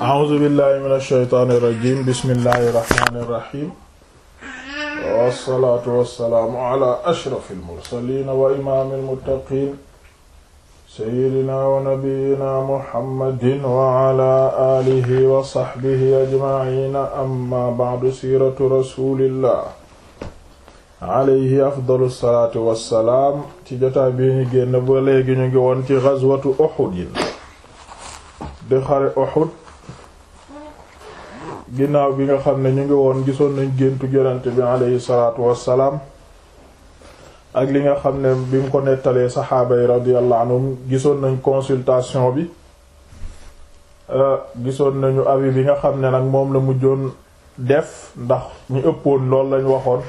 a'uuzu billahi mina shaytaani rajiim bismillahi rahmaani rahiim wassalaatu wassalaamu ala ashrafil mursaliin wa imaamil muttaqiin sayyidinaa wa nabiyyinaa muhammadin wa ala aalihi wa sahbihi ajma'iin amma ba'du siiratu rasuulillah alayhi afdalu salaatu wassalaam ci jotaay bi ñu génn ba léegi ñu ngi woon ci ghazwatu Uhud di xare Uhud ginnaaw bi nga xam ne ñu ngi woon gisoon nañ géntu yonent bi aleyhi salaatu wassalaam ak li nga xam ne bi mu ko nettalee saxaaba yi radiyallahu anhum gisoon nañ consultation bi euh, gisoon nañu avis bi nga xam ne nag moom la mu mujjoon def ndax ñu ëppoon loolu lañ waxoon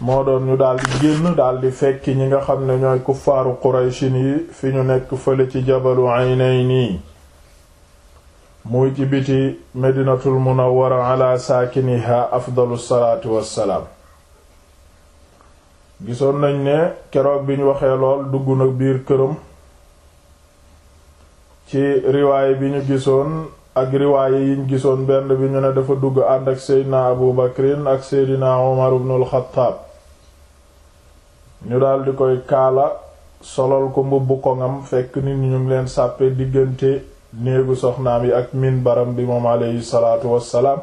moo doon ñu daldi génn daldi fekki ñi nga xam ne ñooy kuffaaru Qurayshin yi fi ñu nekk fële ci jabalu Aynayni muy ci biti medinatul munawwara ala saakiniha afdalu salaatu wassalaam gisoon nañ ne keroog biñ waxee lool dugg na biir këram ci riwaaye bi ñu gisoon ak yi yiñ gisoon benn bi ñu ne dafa dugg ànd ak seydina abu bakrin ak seydina umar ibnul xattaab ñu daldi koy kaala solal ko mbubb koŋam fekk nit ñu leen sàppee diggante néegu soxna yi ak minbaram bi moom aleyhi salaatu wassalaam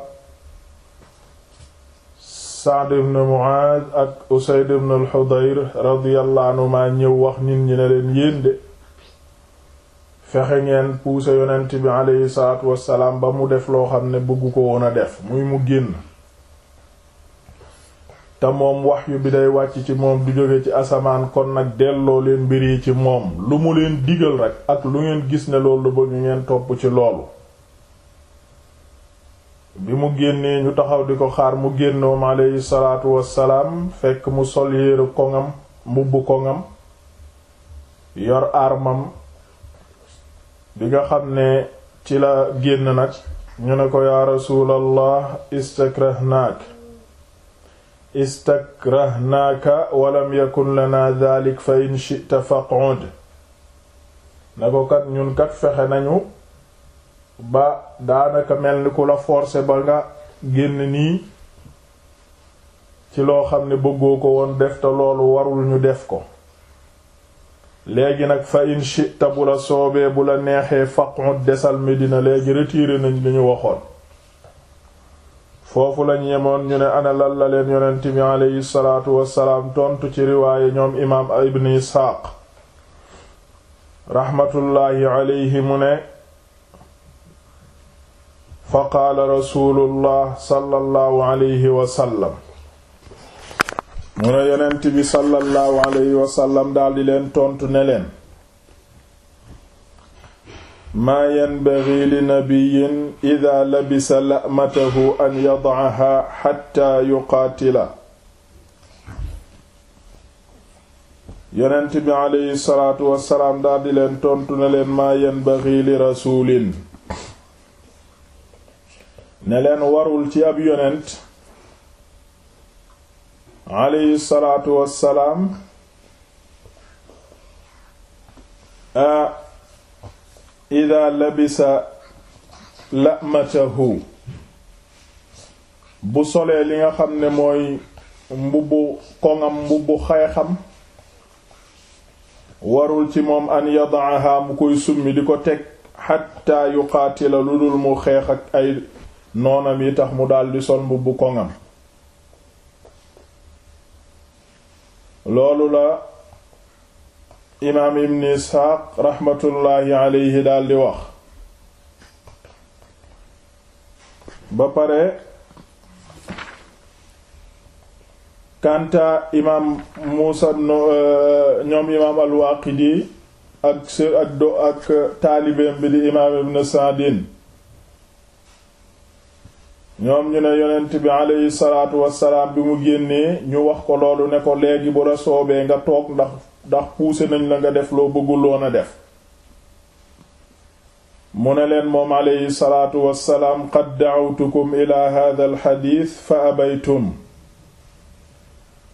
Muaaz ak Usayd ibn al-Hudayr radiyallahu ñëw wax nit ñi ne leen yéen de fexe ngeen puuse yonent bi aleyhi salaatu wassalaam ba mu def loo xam ne bëggu ko woon def muy mu génn te moom wahyu bi day wàcc ci moom du jóge ci asamaan kon nag delloo leen mbir yi ci moom lu mu leen digal rek ak lu ngeen gis ne loolu ba ñu ngeen topp ci loolu bi mu génnee ñu taxaw di ko xaar mu génnoom aleyhi salaatu wassalaam fekk mu sol yéeru koŋam mbubb koŋam yor armam bi nga xam ne ci la génn nag ñu ne ko yaa rasuulallah istakrahnaak istakrahnaaka walam yakun lana daalik fa in shi'ta faq'ud na ko kat ñun kat fexe nañu ba daanaka mel ni ku la forcer ba nga génn nii ci loo xam ne bëggoo ko woon def te loolu warul ñu def ko léegi nag fa in shi'ta bu la soobee bu la neexee faq'ud desal medina léegi retiré nañ li waxoon foofu la yemoon ñu ne ana lan la leen yonent bi salaatu wassalaam tontu ci riwaaye ñoom imaam ibn isxaaq raxmatullaahi aleyhi mu ne fa qaala rasuulullah sallallahu aleyhi wasallam mu ne yonent bi sallallahu aleyhi wasallam daldi leen tontu ne leen maa yanbaghi li nabiyyin idha labisa la'matahu an yad'aha hatta yuqaatila yonent bi aleyhi salaatu wassalaam daldi leen tontu ne leen maa yanbaghi li rasuulin ne leen warul ci ab yonent aleyhi salaatu wassalaam a ah, ida labisa lamatahu bu solee li nga xam ne mooy mbubbu koŋam mbubbu xeexam warul ci moom an yadaaha mu koy summi di ko teg xatta yuqaatila lu dul mu xeexak ay noonam yi tax mu daldi sol mbubbu koŋam loolu la imaam ibn isxaaq raxmatullaahi aleyhi daldi wax ba pare kanta imaam muusa euh, ñoom imaam alwaaqidi ak s ak taalibeem bi di imaam ibn saadin ñoom ñu ne yonent bi aleyhi salaatu wassalaam bi mu génnee ñu wax ko loolu ne ko léegi bu la soobee nga toog ndax ndax poussé nañ la nga def loo bëgguloon a def mu ne leen moom aleyhi salaatu wassalaam qad da'awtukum ila hadha alxadis fa abaytum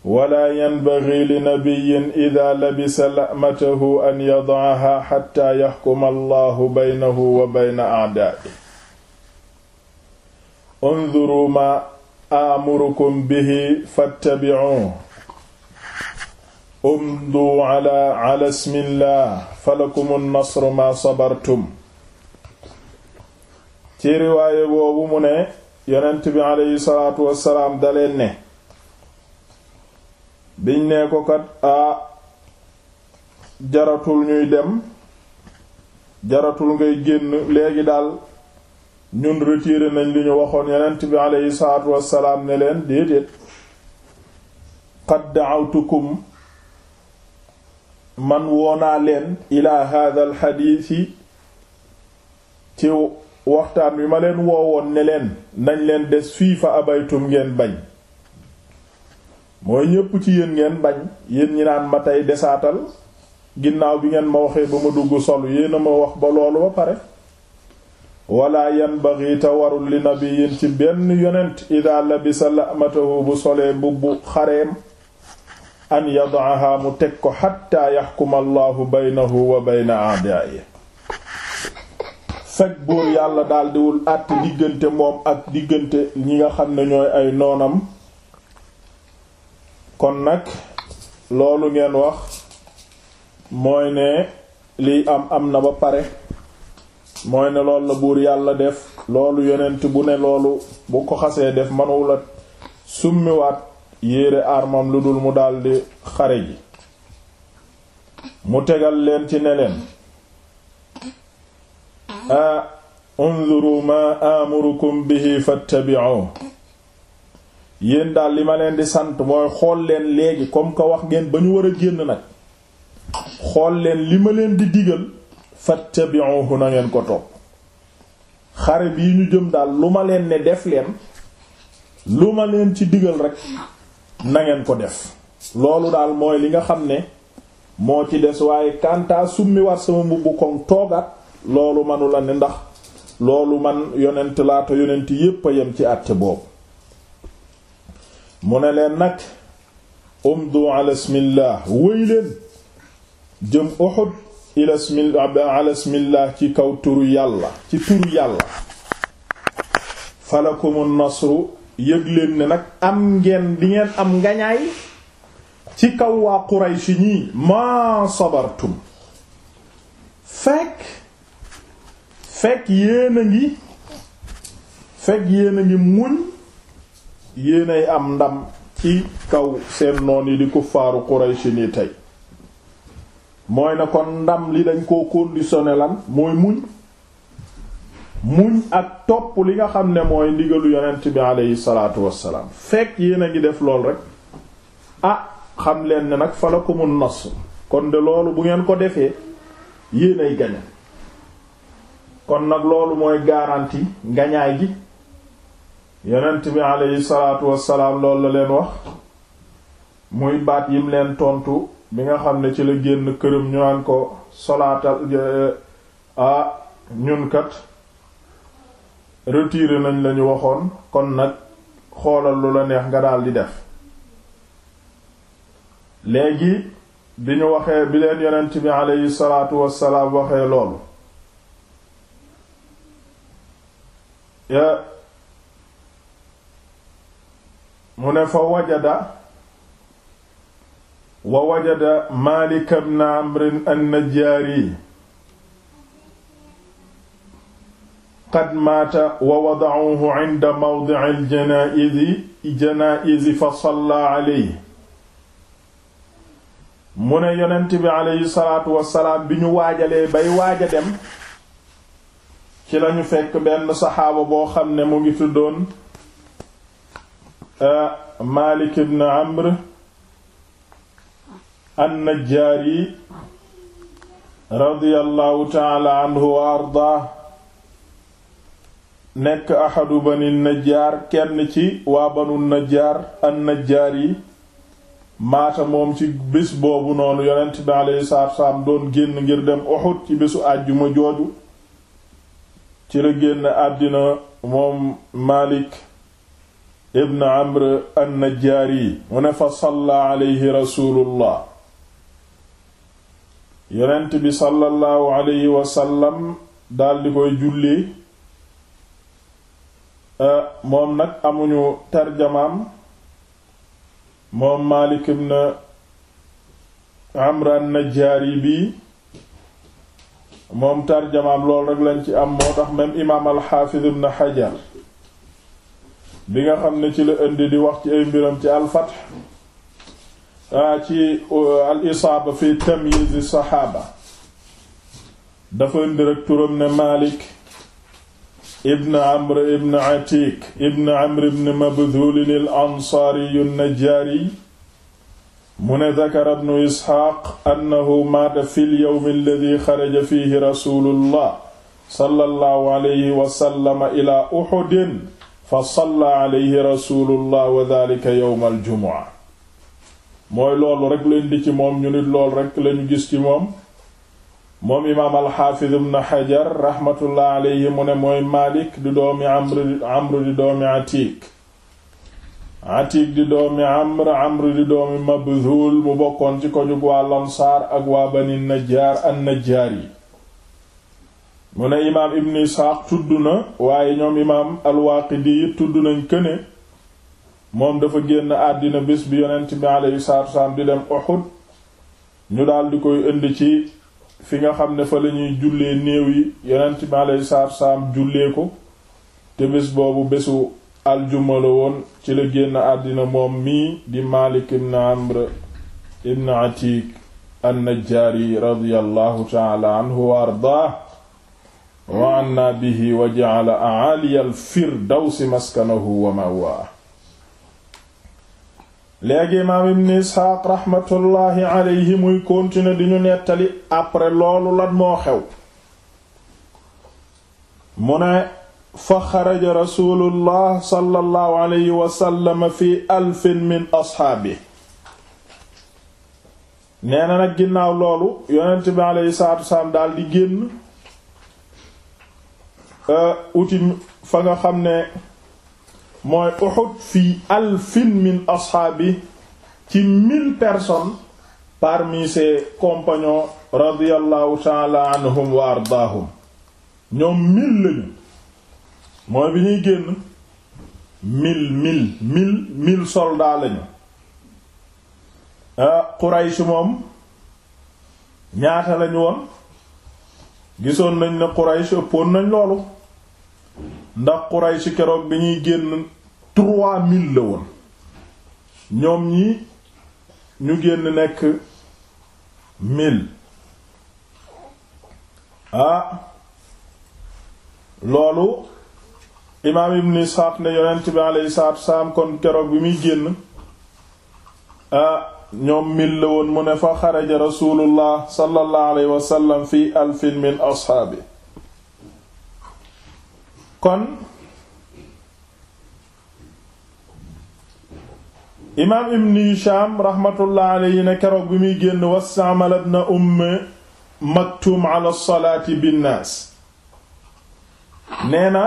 wala yanbaghi li nabiyyin idha labisa la'matahu an yad'aha hatta yahkuma allahu baynahu wa bayna a'da'i unzuru ma amurukum bihi fattabi'uhu umdu ala ala ismillah falakum an-nasru ma sabartum ci riwaaye boobu mu ne yonent bi aleyhi salaatu wassalaam daleen ne biñ ne ko kat a jaratul ñuy dem jaratul ngay génn léegi daal ñun retiré nañ li ñu waxoon yonent bi aleyhi salaatu wassalaam ne leen déedéet qad da'awtukum man woonaa leen ila hadha al yi ci waxtaan wi ma leen woowoon ne leen nañ leen des fii fa abaytum ngeen bañ moo ñépp ci yéen ngeen bañ yéen ñi naan ma tey desaatal ginnaaw bi ngeen ma waxee ba ma dugg solu yéen a ma wax ba loolu ba pare wala yanbaghi ta warul li nabiyin ci benn yonent ida labisa lamatahu bu solee mbubbu xareem an yadaaha mu teg ko xatta yaxkuma allahu baynahu wa bayna aadaayi fekk buur yàlla daldiwul àtt diggante moom ak diggante ñi nga xam ne ñooy ay noonam kon nag loolu ngeen wax mooy ne liy am am na ba pare mooy ne loolu la buur yàlla def loolu yonent bu ne loolu bu ko xasee def manuwula summiwaat yéere armam lu dul mu daldi xare ji mu tegal leen ci ne leen a unzuru ma amurukum bihi fattabi'u yéen daal li ma leen di sant mooy xool leen léegi comme que wax ngeen ba ñu war a génn nag xool leen li ma leen di digal fattabi'uhu na ngeen ko topp xare bi ñu jëm daal lu ma leen ne def leen lu ma leen ci digal rek nangeen ko def loolu daal mooy li nga xam ne moo ci des waaye kantaa summi war sama mbubb koŋ toogaat loolu manu la ne ndax loolu man yonent laata yonent yépp a yem ci àtte boobu mu ne leen nag umdu ala ismillah wëy leen jëm Uhud ila ci kaw turu yàlla ci turu yàlla falakumun nasru yëg leen ne nag am ngeen di ngeen am ngañaay ci kaw waa Quraysh ñii maa sabartum fekk fekk yéen a ngi fekk yéen a ngi muñ yéen ay am ndam ci kaw seen noon yi di kuffaaru Quraysh nii tey mooy na kon ndam li dañ koo conditionné lan mooy muñ muñ ak topp li nga xam ne mooy ndigalu yonent bi aleyhi salaatu wassalaam fekk yéen a ngi def lool rek ah xam leen ni nag ko falakumun nas kon de loolu bu ngeen ko defee yéen ay gañe kon nag loolu mooy garantie ngañaay gi yenent bi aleyhi salaatu wassalaam loolu la leen wax muy baat yim leen tontu bi nga xam ne ci la génn këram ñu naan ko solaatal eh, a ah, ñun kat retiré nañ lañu waxoon kon nag xoolal lu la neex nga daldi def léegi bi ñu waxee bi leen yonent bi aleyhi salaatu wassalaam waxee loolu mu ne fa wajada wa wajada Maalik ibn Amr an-Najjaari qad maata wa wada'uhu 'inda mawdi'i al-janaa'izi janaa'izi fa salla 'alayhi mu ne yonent bi aleyhi salaatu wasalaam bi ñu waajalee bay waaj a dem ci lañu fekk benn saxaaba boo xam ne mu ngi tuddoon euh, Maalik ibn Amr an-Najjaari radiyallahu ta'ala anhu wa ardaa nekk ahadu bani najjaar kenn ci waa banu najjaar an najjaar yi maata moom ci bés boobu noonu yonent bi alayhi salaatu wasalaam doon génn ngir dem Uhud ci bésu àjjuma jooju ci la génn àddina moom Maalik ibn Amr an najjaari mu ne fa salla alayhi rasulullah yonent bi sallallahu alayhi wasallam daldi koy julli Euh, moom nag amuñu tarjamaam moom Maalik ibn Amr an-Najjaari moom tarjamaam lool rek lañ ci am moo tax même imaam al-Hafiz ibn bi nga xam ne ci la indi di wax ci ay mbiram ci al-Fath ci al-Isaaba fi tamyiz saxaaba dafa indi rek turam ne Maalik ibn amr ibn atik ibn amr ibn mabdhul al ansaari an-najjaari mu ne dakara ibn isxaaq annahu maata fi al-yawm alladhi xaraja fihi rasulullah sallallahu alayhi wa sallam ila uhud fa salla alayhi rasulullah wa dhalika yawm al-jumu'a mooy loolu rek leen di ci moom ñu nit loolu rek lañu gis ci moom moom imaam alxaafiz ibn xajar raxmatullah alayhi mu ne mooy maalik di doomi amr amr di doomi atiik atiik di mu bokkoon ci ko waa lansaar ak waa bani najjaar an najjaar yi mu ne imaam ibn isxaaq tudd na waaye ñoom imaam alwaaqidi tudd nañ këne moom dafa génn àddina bés bi yonent bi alayhi salaatu wasalaam di dem Uhud ñu daldi koy indi ci fi nga xam ne fa lañuy jullee néew yi yonent bi alayhi salaatu salaam jullee ko te bés boobu bésu aljuma la woon ci la génn àddina moom mii di Maalik ibn Amr ibn Atiik an-Najjaari radiyallahu ta'ala anhu wa ardaah wa anna bihi wa ja'ala a'aaliya al-firdawsi maskanahu wa ma'waahu léegi imaam ibn isxaaq raxmatullaahi aleyhi muy continuer di nettali après loolu lan moo xew mu ne fa xaraja rasulullah sallallahu alayhi wasallam fi alfin min asxaabi nee na nag ginnaaw loolu yonent bi aleyhi salaatu wasalaam daal di génn euh, uti fa nga xam ne mooy Uhud fii alfin min ashaabi ci mil personnes parmi ses compagnons radiyallahu ta'ala anhum wa ardaahum ñoom mille lañu mooy bi ñuy génn mille mille mille mille soldats lañu ah moom ñaata lañu woon gisoon nañ ne Quraysh ëppoon nañ loolu ndax Quraysh keroog bi ñuy génn trois mille la woon ñoom ñi ñu génn nekk mille ah loolu imaam ibn Isxaaq ne yonent bi alayhi salaatu wasalaam kon keroog bi muy génn ah, ñoom mille la woon mu ne fa xaraja rasulullah sallallahu alayhi wasallam fi alfin min ashaabi kon imaam ibn hisham rahmatullah alayhi ne keroog bi muy génn wastaamala ibn umm maktum ala salaati binnaas nee na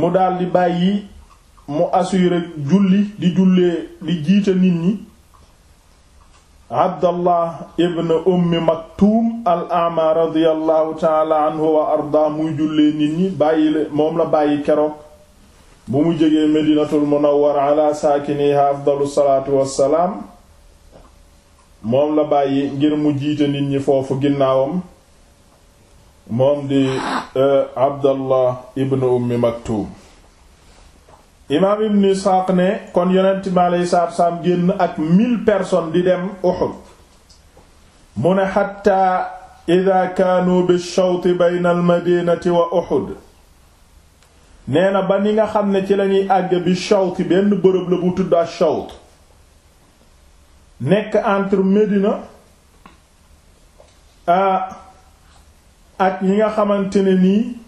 mu daldi bàyyi mu assurer julli di jullee di jiite nit ñi abdallah ibn ummi maktuum al ama radiallahu taala anhu wa arda muy jullee nit ñi bàyyi moom la bàyyi keroog bu mu jógee medinatul munawwara ala saakiniha afdalu salaatu wassalaam moom la bàyyi ngir mu jiite nit ñi foofu ginnaawam moom di eh, abdallah ibn ummi maktuum imaam ibn Isxaaq ne kon yonent mi alayhi salaatu salaam génn ak mille personnes di dem Uhud mu ne xatta ida kaanu bi shawti bayna al madinati wa Uhud nee na ba ni nga xam ne ci lañuy àgg bi shawti benn bërëb la bu tudd ash-shawt nekk entre Médina ah, ak ñi nga xamante ne nii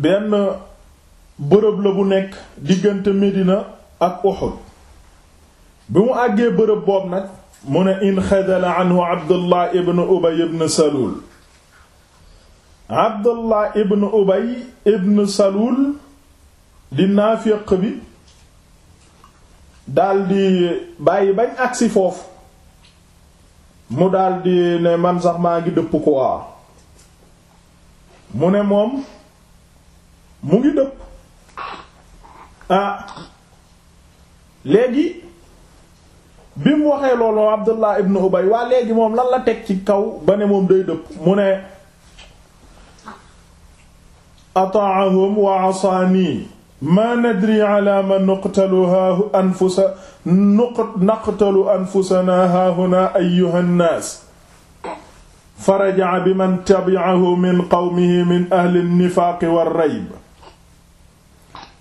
benn bërëb la bu nekk diggante Medina ak Uhud bi mu àggee bërëb boobu nag mu ne in xadala anhu Abdullah ibn Ubay ibn Salul Abdullah ibn Ubay ibn Salul di naafiq bi daldi bàyyi bañ agsi foofu mu daldi ne man sax maa ngi dëpp ko waa mu ne moom mu ngi dëpp ah léegi bi mu waxee loolu Abdullah ibn Ubay waa léegi moom lan la teg ci kaw ba ne moom day dëpp mu ne ata'ahum wa asaani ma nadri ala ma nuqtalu haahu anfusa naqtalu anfusana haahuna ayyuha nnaas faraja'a biman tabi'ahu min qawmihi min ahli nnifaaqi war rayb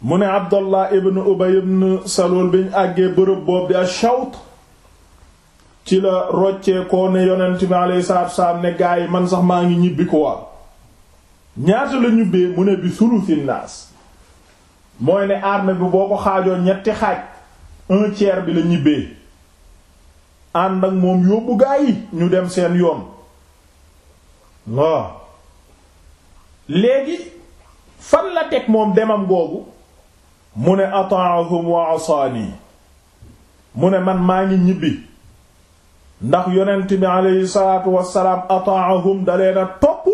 mu ne abdallah ibn ubay ibn salul biñ àggee bërëb boobu di ashawt ci la rocceekoo ne yonent bi alayhi salaatu salaam ne gaa yi man sax maa ngi ñibbi ko waa ñaata la ñubbee mu ne bi sulusi naas mooy ne armée bi boo ko xaajoo ñetti xaaj un tiers bi la ñibbee ànd ak moom yóbbu gaa yi ñu dem seen yoon léegi fan la teg moom demam googu mu ne ataahum wa asaani mu ne man maa ngi ñibbi ndax yonent bi aleyhi salaatu wassalaam ataahum dalee na topp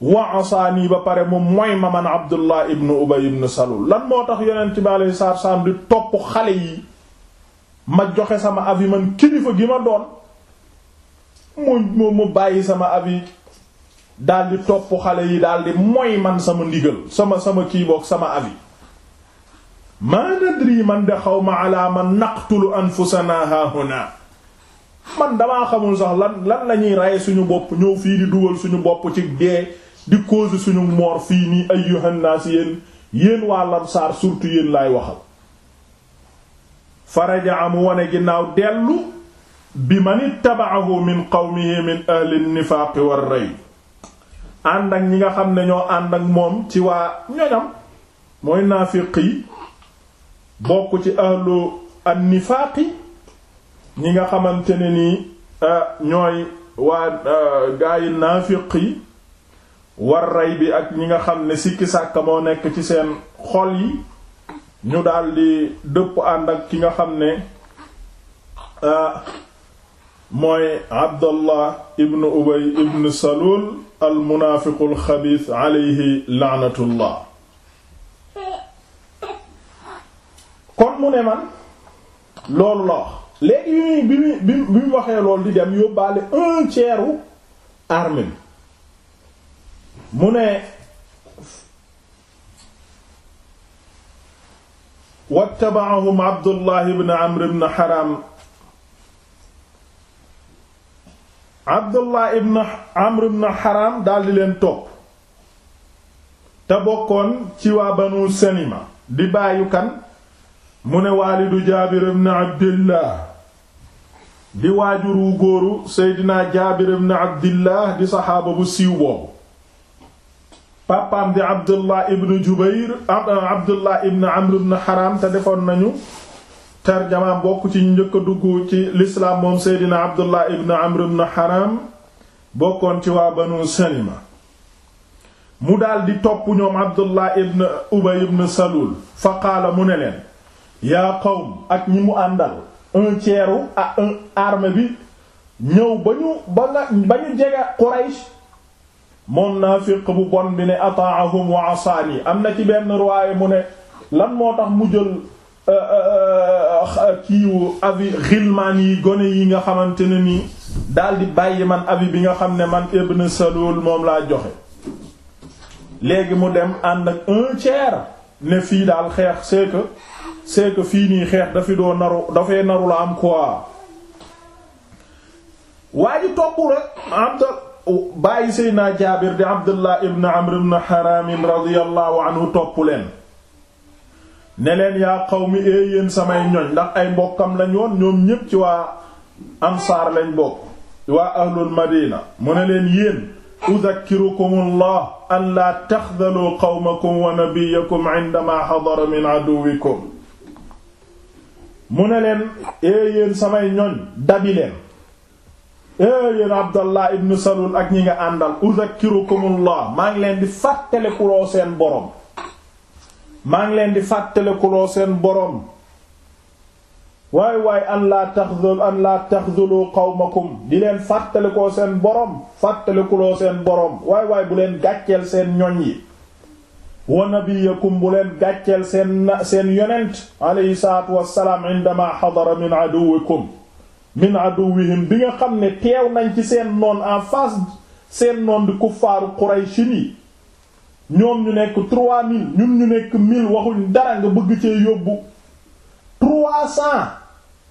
wa asaani ba pare mu mooy ma man abdullah ibn ubay ibn salul lan moo tax yonent bi aleyhi salaatu wassalaam di topp xale yi ma joxe sama yi man kilifa gi ma doon mu mu bàyyi sama avis di topp xale yi daldi mooy man sama ndigal sama sama kii sama sama yi maa nadri man de xaw ma alaa man naqtulu anfusana ha huna man damaa xamul sax lan lan lañuy rey suñu bopp ñëw fii di dugal suñu bopp cig dee di cause suñu moor fii nii ayyuhan naas yéen yéen waa Lamsaar surtout yéen laay waxal faraja am wone ginnaaw dellu bi man ittaba'ahu min qawmihi min ahli nifaaqi war rey ànd ak ñi nga xam ne ñoo ànd ak moom ci waa ñoñam mooy naafiq yi bokk ci ahlu annifaaqi ñi nga xamante ne nii ah, ñooy waa ah, gaayi naafiq yi war rey bi ak ñi nga xam ne sikki sàkka moo nekk ci seen xol yi ñu daldi dëpp ànd ak ki nga xam ne ah, mooy abdallah ibn ubay ibn salul al munaafiqul xabiis aleyhi laanatullah kon mu ne man loolu la wax léegi yu bi mu bi mu waxee loolu di dem yóbbaale un tiers Haram daldi leen topp te bokkoon ci waa Banu Salima di bàyyu kan mu ne waalidu jaabir ibn abdillah di waajuru góoru seydinaa jaabir ibn abdillah di saxaaba bu siiw boobu pàppaam di abdullah ibn jubayr euh, abdullah ibn amr ibn haram te defoon nañu tarjama bokk ci njëkk a dugg ci lislaam moom seydinaa abdullah ibn amr ibn haram bokkoon ci waa banu salima mu daldi topp ñoom abdullah ibn ubay ibn salul fa qaala mu ne leen yaa qawm ak ñi mu àndal un tiers à ah, un arme bi ñëw ba ñu ba nga ba ñu jege Quraysh moom naafiq bu bon bi ne ataahum wa asaani am na ci benn riwaaya mu ne lan moo tax mu jël euh, euh, euh, kiiwu abi xilmaan yi gone yi nga xamante ne nii daldi bàyyi man abi bi nga xam ne man ibn Salul moom laa joxe léegi mu dem ànd un tiers ne fii daal xeex c'est que fii nii xeex dafi doo naru dafay naru la am quoi waa ji topp rek abda bàyyi seydna jaabir di abdullah ibn amr ibn haram radiyallahu anhu topp leen ne leen yaa qawmi ee eh yéen samay ñoñ ndax ay mbokkam lañ woon ñoom ñépp ci waa ansaar lañ bokk waa ahlul madina mu ne leen yéen udhakkirukum allah an laa taxdaluu qawmakum wa nabiyakum indama xadara mu ne leen ee eh, samay ñoñ dabi leen ee eh, yéen abdallah ibn salul ak ñi nga àndal udhakkirukumullah maa ngi leen di fàttalikuloo seen boroom maa ngi leen di fàttalikuloo seen boroom waay waay an laa taxzul an laa taxzulu qawmakum di leen fàttalikoo seen boroom fàttalikuloo seen boroom waay waay bu leen gàcceel seen ñoñ yi wa nabiyakum bu leen gàcceel seen seen yonent alayhi salaatu wassalaam indama xadara min aduwikum min aduwihim bi nga xam ne teew nañ ci seen noon en face seen noon di kuffaaru quraychin yi ñoom ñu nekk 3000 ñun ñu nekk 1000 waxuñ dara nga bëgg cee yóbbu trois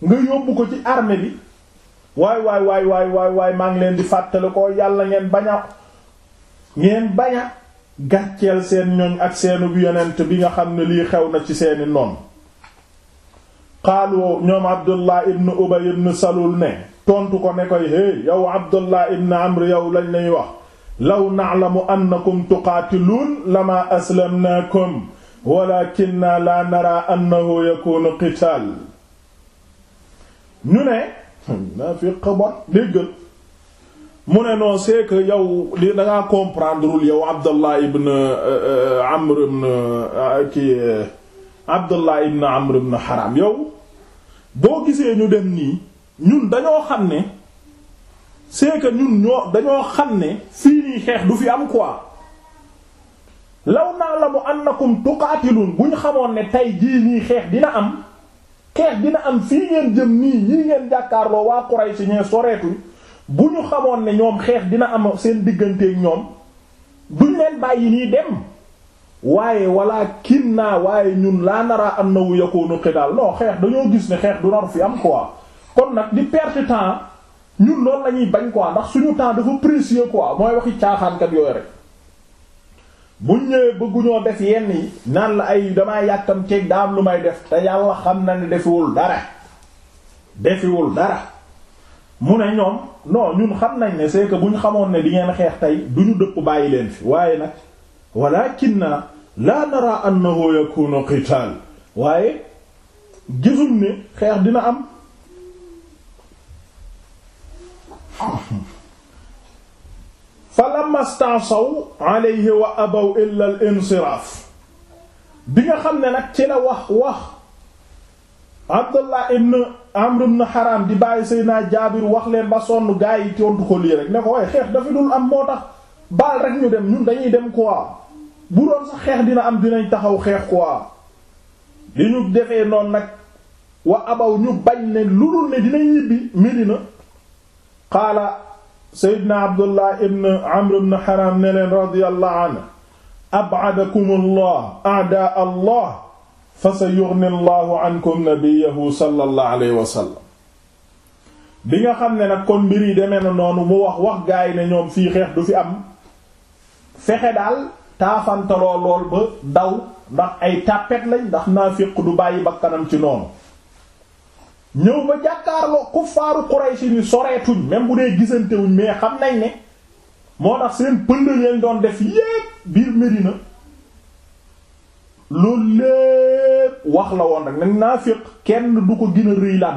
nga yóbbu ko ci armée bi waay waay waay waay waay maa ngi leen di fàttali yàlla ngeen baña ngeen baña gàcceel seen ñoñ ak seenu yonent bi nga xam ne lii xew na ci seeni noon xaalu ñoom abdullah ibn ubay ibn salul ne tontu ko ne koy hey yow abdullah ibn amr yow lañ lay wax law na'lamu annakum tuqaatiluun lama aslamnaakum walakinna la nara annahu yakunu qital ñu ne naa fi xabar déggal mu ne non c'est que yow li da ngaa comprendrewul yow Abdallah ibn euh, euh, Amr ibn euh, ki Abdallah ibn Amr ibn Haram yow boo gisee ñu dem nii ñun dañoo xam ne c'est que ñun ñoo dañoo xam ne fii nii xeex du fi am quoi law na'lamu annakum tuqaatiluun bu ñu xamoon ne tey jii nii xeex dina am xeex dina am fii ngeen jëm nii ñii ngeen jàkkaarloo waa Quraysh ñee soreetu bu ñu xamoon ne ñoom xeex dina am seen digganteeg ñoom duñ leen bàyyi nii dem waaye wala kiin naa waaye ñun laa nara am na naraa annahu yakunu daal non xeex dañoo gis ne xeex du nar fi am quoi kon nag di perte temps ñun loolu la ñuy bañ quoi ndax suñu temps dafa précieux quoi mooy waxi caaxaankat yooyu rek. buñ ñëwee bëgguñoo def yenn yi naan la ay damaa yàkkam ceeg daa am lu may def te yàlla xam na ne defiwul dara defiwul dara mu ne ñoom non ñun xam nañ ne c'est que bu ñu xamoon ne di ngeen xeex tey du ñu dëpp bàyyi leen fi waaye nag walakinna la nara annahu yakunu qital waaye gisuñ ne xeex dina am fa lamma stansaw alayhi wa abaw illa al insiraaf bi nga xam ne nag ci la wax wax abdullah ibn amr ibn haram di bàyyi naa jaabir wax leen ba sonn gaa yi tontu ko lii rek ne ko waaye xeex dafa dul am moo tax baal rek ñu dem ñun dañuy dem quoi bu doon sax xeex dina am dinañ taxaw xeex quoi li ñu defee noonu nag wa abaw ñu bañ ne lu dul ne dinañ ñibbi medina qaala seydna abdullah ibn amr ibn haram ne leen radiyallahu anhu ab'adakum allah fa sa yughni allahu ankum nabiyahu sallallahu alayhi wa bi nga xam ne nag kon mbir yi demee na noonu mu wax wax gaa yi ne ñoom fii xeex du fi am fexe daal taafantaloo lool ba daw ndax ay tàppet lañ ndax naa du bàyyi bakkanam ci noonu ñëw ba jàkkaarloo kuffaaru Quraysh ni soreetuñ même bu dee gisantewuñ mais xam nañ ne moo tax seen pënd leen doon def yépp biir Medina loolu lépp wax la woon rek nag naafiq kenn du ko gën a rëy la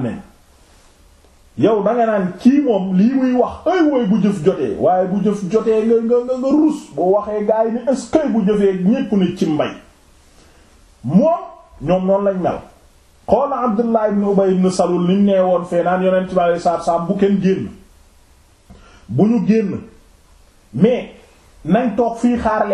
yow danga naan kii moom lii muy wax ay wooy bu jëf jotee waaye bu jëf jotee nga nga nga rus bu waxee gaa yi ni est bu jëfee ñépp ni ci mbay moom ñoom noonu lañ mel xoola Abdullah ibn Ubay ibn Salul liñ nee woon fee naan yonent bi alayhi salaatu salaam bu kenn génn bu ñu génn mais nañ toog fii xaar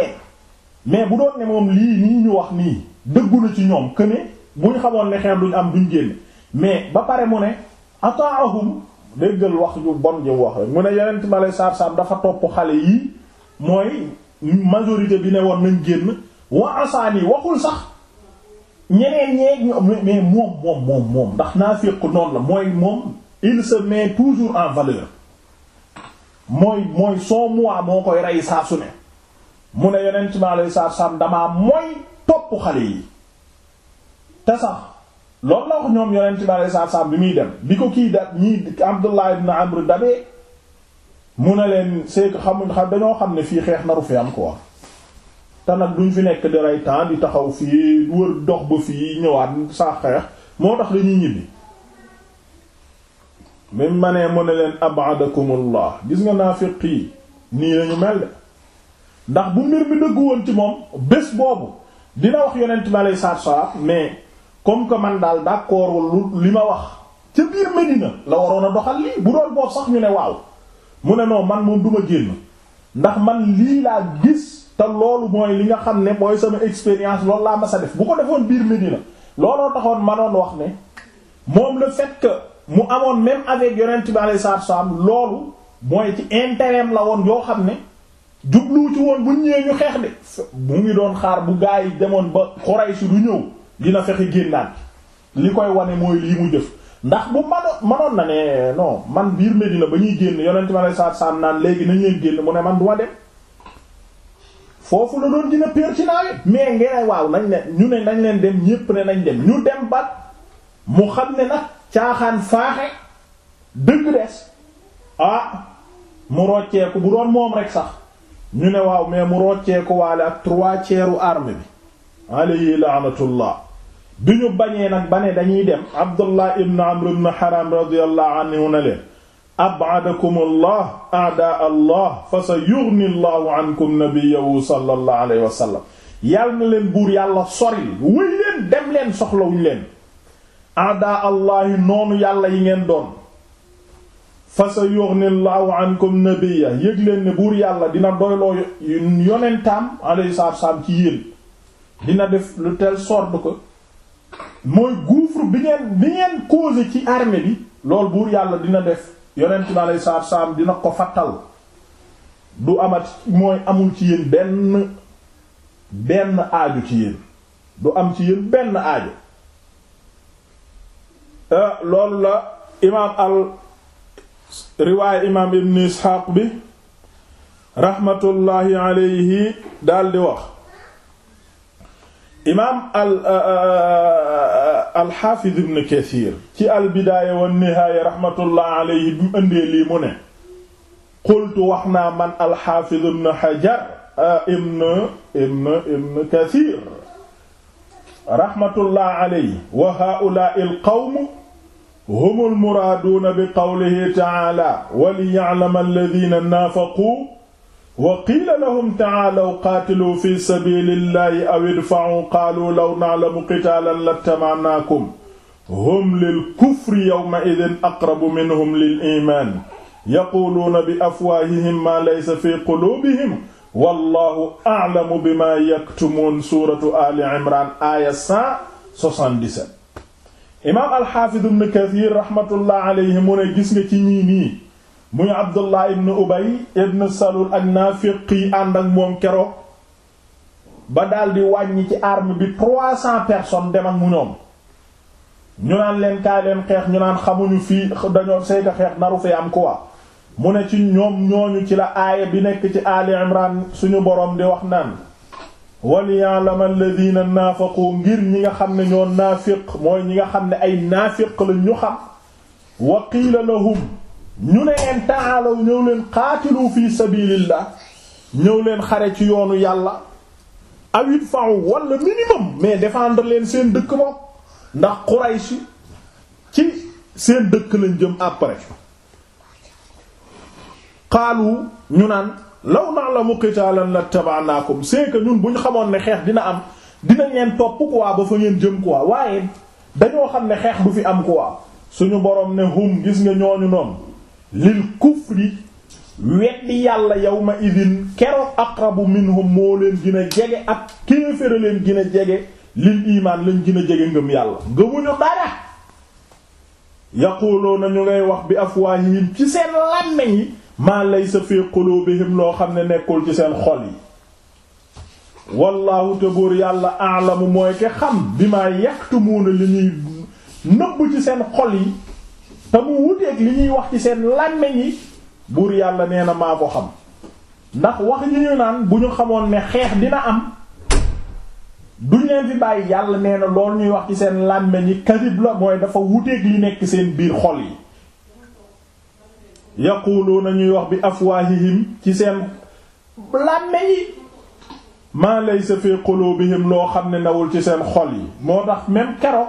mais bu doon ne moom lii nii ñu wax nii dëggu na ci ñoom que ne buñ xamoon ne xeer duñ am duñ génn mais ba pare mu ne ata'ahum déggal wax yu bon ji wax mu ne yonent bi alayhi salaatu salaam dafa topp xale yi mooy majorité bi ne woon nañ génn wa asaani waxul sax. ñeneen ñeeg ñoom mais moom moom moom moom ndax naa féq noonu la mooy moom il se met toujours en valeur mooy mooy son moi moo koy rey saa ne mu ne yonent mi alayhi salaatu salaam damaa mooy topp xale yi te sax loolu la wax ñoom yonent mi alayhi salaatu salaam bi muy dem bi ko kii da ñii Abdullah ibn Amr dabe mu ne leen c'est que xamuñ xam dañoo xam ne fii xeex naru fi am quoi te nag duñ fi nekk di rey di taxaw fii wër dox ba fii ñëwaat saa xeex moo tax dañuy ñibbi bi ma nee mu ne leen abadakumullah gis nga naafiq yi nii lañu mel de ndax bu mbir mi dëgg woon ci moom bés boobu dina wax yonent bi aleyhi salaatu salaam mais comme que man daal d'accord lu li ma wax ca biir Medina la waroon a doxal lii bu doon boobu sax ñu ne waaw mu ne noo man moom duma génn ndax man lii laa gis te loolu mooy li nga xam ne mooy sama expérience loolu laa mas a def bu ko defoon biir Médina looloo taxoon ma wax ne moom la fait mu amoon même avec yonent bi alayhi salaatu wasallam loolu mooy ci intérêt la woon yoo xam ne jublu ci woon bu ñëwee ñu xeex de mu ngi doon xaar bu gaa yi demoon ba Quraysh du ñëw dina fexe génnaat li koy wane mooy lii mu jëf ndax bu mano manoon na ne non man biir Médina ba ñuy génn yonent bi alayhi salaatu wasallam naan léegi nañ leen génn mu ne man du ma dem. foofu la doon dina pertinent mais ngeen waaw nañ leen ñu ne nañ leen dem ñépp ne nañ dem ñu dem bat mu xam ne nag caaxaan faaxe dëgg des ah mu rocceeku bu doon moom rek sax ñu ne waaw mais mu rocceeku waale ak trois tiers armée bi alayhi la'natullah bi ñu bañee nag ba ne dañuy dem Abdullah ibn Amr ibn Haram radiyallahu anhu ne leen ab'adakum allah a'daa allah fa sa yughni allahu ankum nabiyyahu sallallahu alayhi wa sallam na leen buur yàlla soril wëy leen dem leen soxlawuñ leen a'daa allahi noonu yàlla yi ngeen doon fa sa yughni allahu ankum nabiyya yëg leen ne buur yàlla dina doyloo yonentaam alayhi salaatu salaam ci yéen dina def lu tel sorte que mooy gouffre bi ngeen bi ngeen causé ci armée bi loolu buur yàlla dina def yonent bi aleyhi salaatu dina ko fattal du amat mooy amul ci yéen benn benn aaju ci yéen du am ci yéen benn aaju euh, loolu la imaam al riwaaya imaam ibn Isxaaq bi raxmatullaahi aleyhi daldi wax imaam al uh, uh, uh, alxaafiz ibn kathir ci albidaaya wa nihaaya raxmatullah alayhi bi mu ëndee lii mu ne qultu wax naa man alxaafiz ibn xajar ibn ibn ibn kathir raxmatullah alayhi wa haa'ulaa'i alqawm hum almuraaduuna bi qawlihi ta'aala wa liya'lama alladhiina naafaquu wa qiila lahum ta'aalaw qaatiluu fi sabiilillaahi aw idfa'uu qaaluu law na'lamu qitaalan lattaba'naakum hum lil kufri yawma'idin aqrabu minhum lil iimaan yaquuluuna bi afwaahihim maa laysa fi quluubihim wallaahu a'lamu bimaa yaktumuun suuratu aali imraan aaya 177. imaam alxaafiz ibn kasiir raxmatullaahi alayhi mu ne gis nga ci ñii nii. muy Abdullah ibn Ubay ibn Salul ak naafiq yi ànd ak moom kero ba daldi wàññi ci arme bi trois cents personnes dem mu ñoom ñu naan leen kaay leen xeex ñu naan xamuñu fii dañoo sayka xeex naru fee am quoi mu ne ci ñoom ñooñu ci la aaya bi nekk ci Ali Imran suñu borom di wax naan waliya'lama alladhina naafaqu ngir ñi nga xam ne ñoo naafiq mooy ñi nga xam ne ay naafiq la ñu xam wa qiila ñu ne leen taalaw ñëw leen qaatilu fi sabilillah ñëw leen xare ci yoonu yàlla awit fa'u wala minimum mais défendre leen seen dëkk moom ndax Quraysh ci seen dëkk lañ jëm après xaalu ñu naan law na'lamu qitaalan lattaba'naakum c'est que ñun bu ñu xamoon ne xeex dina am dina ngeen topp quoi ba fa ngeen jëm quoi waaye dañoo xam ne xeex du fi am quoi suñu boroom ne hum gis nga ñooñu noonu lil kufri weddi yàlla yawma idin keroog aqrabu minhum moo leen gën a jege ak kéeféra leen gën a jege lil imaan lañ gën a jege ngëm yàlla ngëmuñu dara yaquluuna ñu ngay wax bi afwaahihim ci seen làmmeñ yi maa laysa fi qulubihim loo xam ne nekkul ci seen xol yi wallaahu te yàlla aalamu mooy ke xam bi maa yaktumuuna li ñuy nëbb ci seen xol yi te mu wuteeg li ñuy wax ci seen làmmeñ yi buur yàlla nee na maa ko xam ndax wax yi ñu naan bu ñu xamoon ne xeex dina am duñ leen fi bàyyi yàlla nee na lool ñuy wax ci seen làmmeñ yi kadib la mooy dafa wuteeg li nekk seen biir xol yi yaquluuna ñuy wax bi afwaahihim ci seen làmmeñ yi maa laysa bi qulubihim loo xam ne nawul ci seen xol yi moo tax même keroog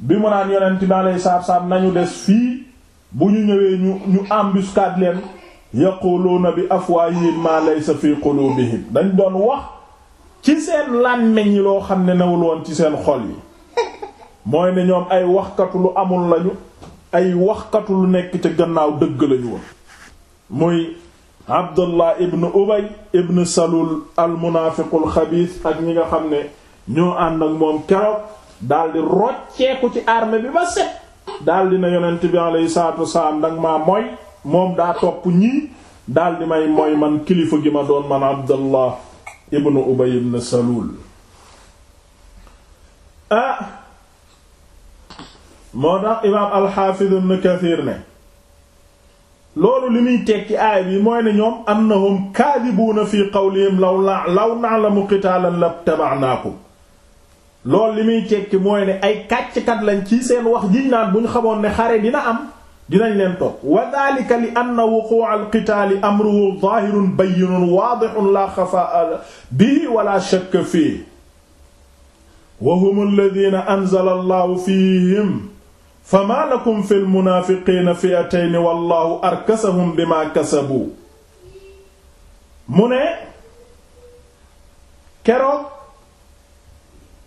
bi mu naan yonent bi alayhi salaatu nañu des fii bu ñu ñëwee ñu ñu embuscade leen yaquluuna bi afwaahihim maa laysa fii quluubihim dañ doon wax ci seen làmmiñ yi loo xam ne newul woon ci seen xol yi mooy ne ñoom ay waxkatu lu amul lañu ay waxkat lu nekk ca gannaaw dëgg lañu woon muy abdullah ibn ubay ibn salul al munaafiqul xabiis ak ñi nga xam ne ñoo ànd ak moom keroog daal di rocceeku ci armée bi ba set daal na yonent bi alayhi salaatu wasalaam danga maa mooy moom daa topp ñii daal may mooy man kilifa gi ma doon man abdallah ibnu ubay ibn salul ah, moo tax imaam alxaafiz ibn kathir ne loolu li muy tekki aay bi mooy ne ñoom annahum kaadibuuna fi qawlihim law na'lamu qitaalan la taba'naakum lool li muy tekki mooy ne ay kàcckat lañ ci seen wax jiñ naan bu xamoon ne xare dina am dina leen topp wa dalika li anna wuquu alqitaali amruhu zaahirun bayyinun waadihun laa xafaa bihi wala shakka fiihi wa hum alladina anzala allahu fihim fama lakum fi lmunaafiqiina fi'atayni wallahu arkasahum bima kasabu mu ne keroog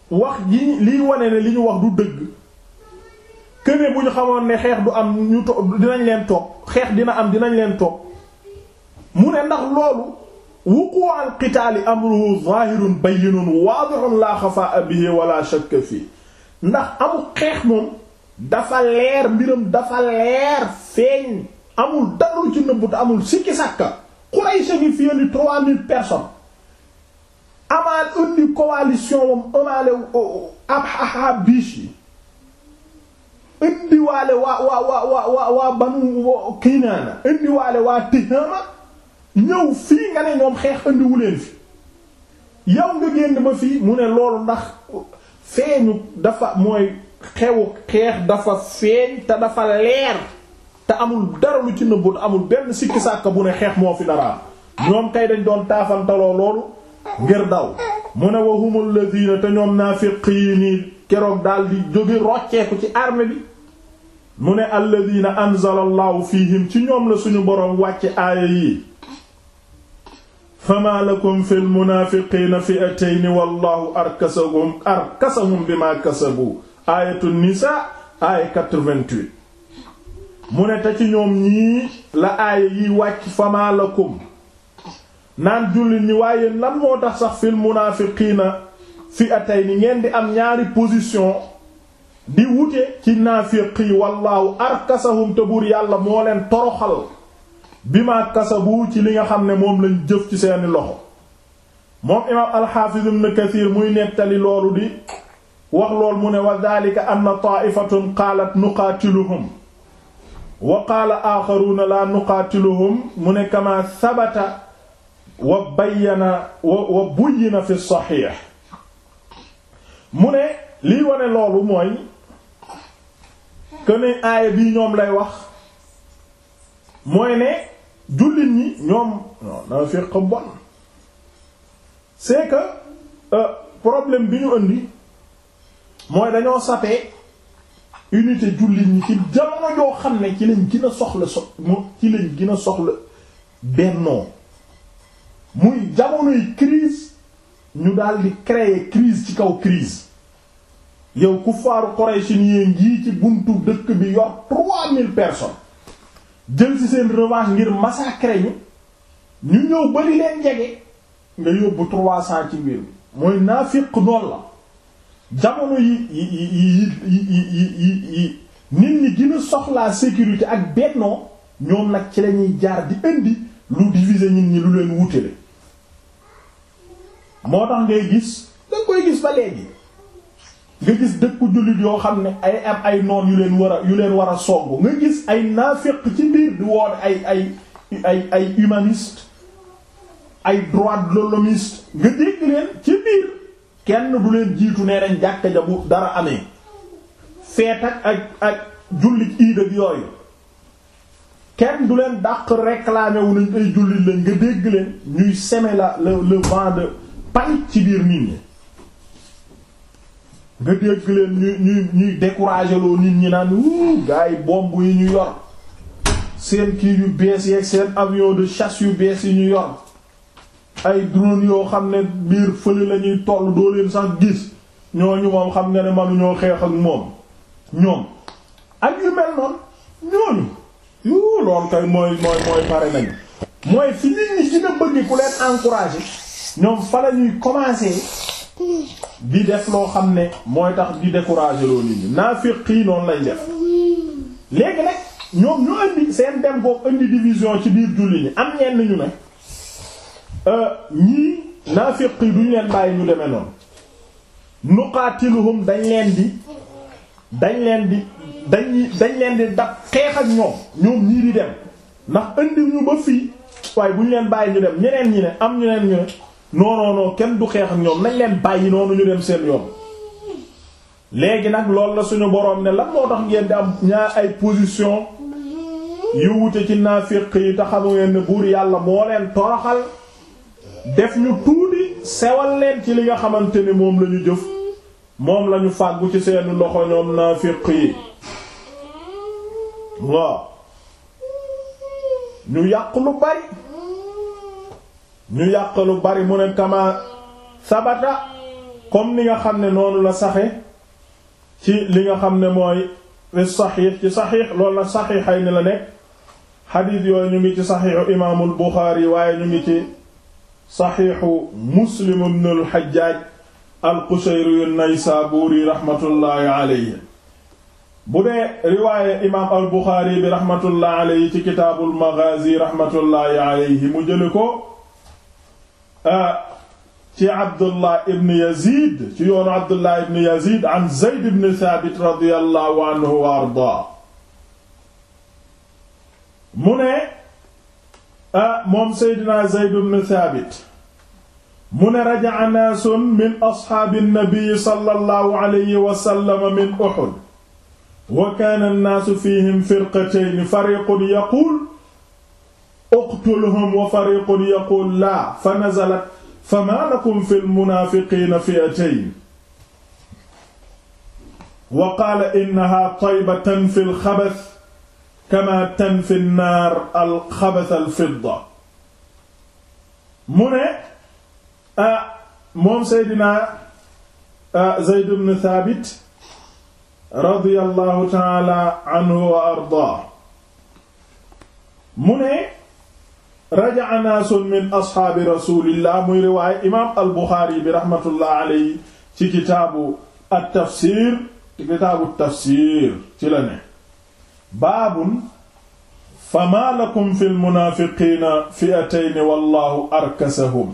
wax ji liy wane ne li ñu wax du dëgg këne bu ñu xamoon ne xeex du am ñu to dinañ leen toog xeex dina am dinañ leen toog mu ne ndax loolu wuquu al qitaali amruhu zaahirun bayyinun waadihun laa xafaa bihi wala shakka fii ndax amul xeex moom dafa leer mbiram dafa leer feeñ amul dara lu ci nëbb amul sikki sàkka Quraysh ngi fiyeli trois mille personnes amaal indi coalition moom amaale ab xaxaa biis yi indiwaale waa waa waa waa waa banu Kinaana indiwaale waa Tihaama ñëw fii nga ne ñoom xeex indiwu fi yow nga génn ma fii mu ne loolu ndax feeñu dafa mooy xewu xeex dafa feeñ te dafa leer te amul dara lu ci nëbbu amul benn sikki sàkk bu ne xeex moo fi dara ñoom kay dañ doon taafantaloo loolu ngir daw mu ne wa humul te ñoom naafiq keroog daal di jóge rocceeku ci arme bi mu ne alladina anzala allahu fihim ci ñoom la suñu boroom wàcce aaya yi fama lakum fil munafiqina fi'atayn wallahu arkasahum arkasahum bima kasabu aayatu nisa aaya mu ne te ci ñoom ñii la aaya yi wàcc fama naan jullit ñi waaye lan moo tax sax fil munaafiqiina fi atay ni ngeen di am ñaari position di wute ci naafiqi wallaahu arkasahum te buur yàlla moo leen toroxal bima kasabu ci li nga xam ne moom lañ jëf ci seeni loxo moom imaam alxaafiz ibn kathir muy nettali loolu di wax lool mu ne wa dhalika anna ta'ifatun qaalat nuqaatiluhum wa qaala aaxaruuna laa nuqaatiluhum mu ne kama sabata wa bayyana wa buyyina fi saxiix mu ne liy wane loolu mooy que ne aaya bii ñoom lay wax mooy ne jullit ñi ñoom non naa fekk bon c'est que euh, problème bi ñu indi mooy dañoo sapee unité jullit ñi ci jamono joo xam ne ci lañ gën a soxla so ci lañ gën a soxla bennoo muy jamonoy crise ñu daal di créer ci kaw crise yow ku faaru Quraysh ni ngi ci buntu dëkk bi yor trois mille personnes jël ci seen revanche ngir massacrer ñu ñu ñëw bari leen jege nga yóbbu trois cent ci mbir mooy naafiq noonu la jamono yi yi yi yi yi nit ñi gën soxlaa sécurité ak bennoo ñoom nag ci lañuy jaar di indi lu diviser nit ñi lu leen wutale moo tax ngay gis da nga koy gis ba léegi nga gis dëkku jullit yoo xam ne ay am ay noon yu leen war yu leen war a song nga gis ay naaféq ci biir di woon ay ay ay ay humaniste ay droit de nga dégg leen ci biir kenn du leen jiitu nee nañ jàkka ja bu dara amee feet ak ak ak jullit iid ak yooyu kenn du leen dàq réclamer wu ay jullit lañ nga dégg leen ñuy semer la le le vent panique ci biir nit ñi nga dégg leen ñuy ñuy ñuy nit ñi naan wuu gars yi bomb yi ñu yor seen kii yu bees yi ak seen avion de chasse yu bees yi ñu yor ay drone yoo xam ne biir fële lañuy ñuy toll doo leen sax gis ñoo moom xam nga ne mënuñoo xeex ak moom ñoom ak yu mel noonu ñooñu yu loolu kay mooy mooy pare nañu mooy fi dina bëgg ku leen encourager ñoom fa la ñuy commencer di def loo xam ne mooy tax di décourager loo nit ñi naafiq yi noonu lañ def léegi nag ñoom ñu indi seen dem boobu indi division ci biir julli ñi am ñenn ñu ne euh, ñii naafiq yi leen bàyyi ñu demee noonu nuqaatiluhum dañ leen di dañ leen di dañ dañ leen di dab xeex ak ñoom ñoom ñii di dem ndax indi ñu ba fii waaye bu ñu leen bàyyi ñu dem ñeneen ñi ne am ñeneen ñu ne non kenn du xeex ak ñoom nañ leen bàyyi noonu ñu dem seen yoon léegi nag loolu la suñu boroom ne lan moo tax ngeen di am ñaar ay position yu wute ci naafiq yi te xam ngeen ne buur yàlla moo leen toroxal def ñu tuuti sewal leen ci li nga xamante ni moom la jëf moom lañu fàggu ci seeni loxo ñoom naafiq yi waaw ñu yàq lu bari ñu yàq lu bari mu ne kama sabata comme li nga xam ne noonu la saxe ci li nga xam ne mooy fi saxiix ci saxiix loolu la saxiixay ni la nekk xadiis yooyu ñu ngi ci saxiixu imaamul Buxaari waaye ñu ngi ci saxiixu Muslim ibn al-Hajjaaj al-Qushayri an-Naysaburi raxmatullaahi alayhi bu dee riwaaye imaam al Buxaari bi raxmatullaahi alayhi ci kitaabul Maghaazi raxmatullaahi alayhi mu jële ko Euh, ci Abdullah ibn Yazid ci yoonu Abdullah ibn Yazid an Zayd ibn Thabit radiyallahu anhu wa ardaa mu ne euh, moom Seydina Zayd ibn Thabit mu ne raja'a naasun min ashaabi nnabii sallallahu alayhi wa sallam min Uhud wa kaana nnaasu fiihim firqatayni fariiqun yaquulu uqtuluhum wa fariqun yaqul laa fa nazalat famaa lakum fil munaafiqiina fi'atayn wa qaala innahaa taybatan fil xabas kamaa tanfi naar alxabas alfidda mu ne ah moom Seydina Zayd ibn Thaabit radiyallahu ta'aala anhu wa ardaa mu ne raja'a naasun min ashaabi rasulillah muy riwaaya imaam al-Buxaari bi rahmatullah alayhi ci kitaabu at-tafsiir ci kitaabu at-tafsiir ci la ne baabun famaa lakum fil munaafiqiina fi'atayni wallaahu arkasahum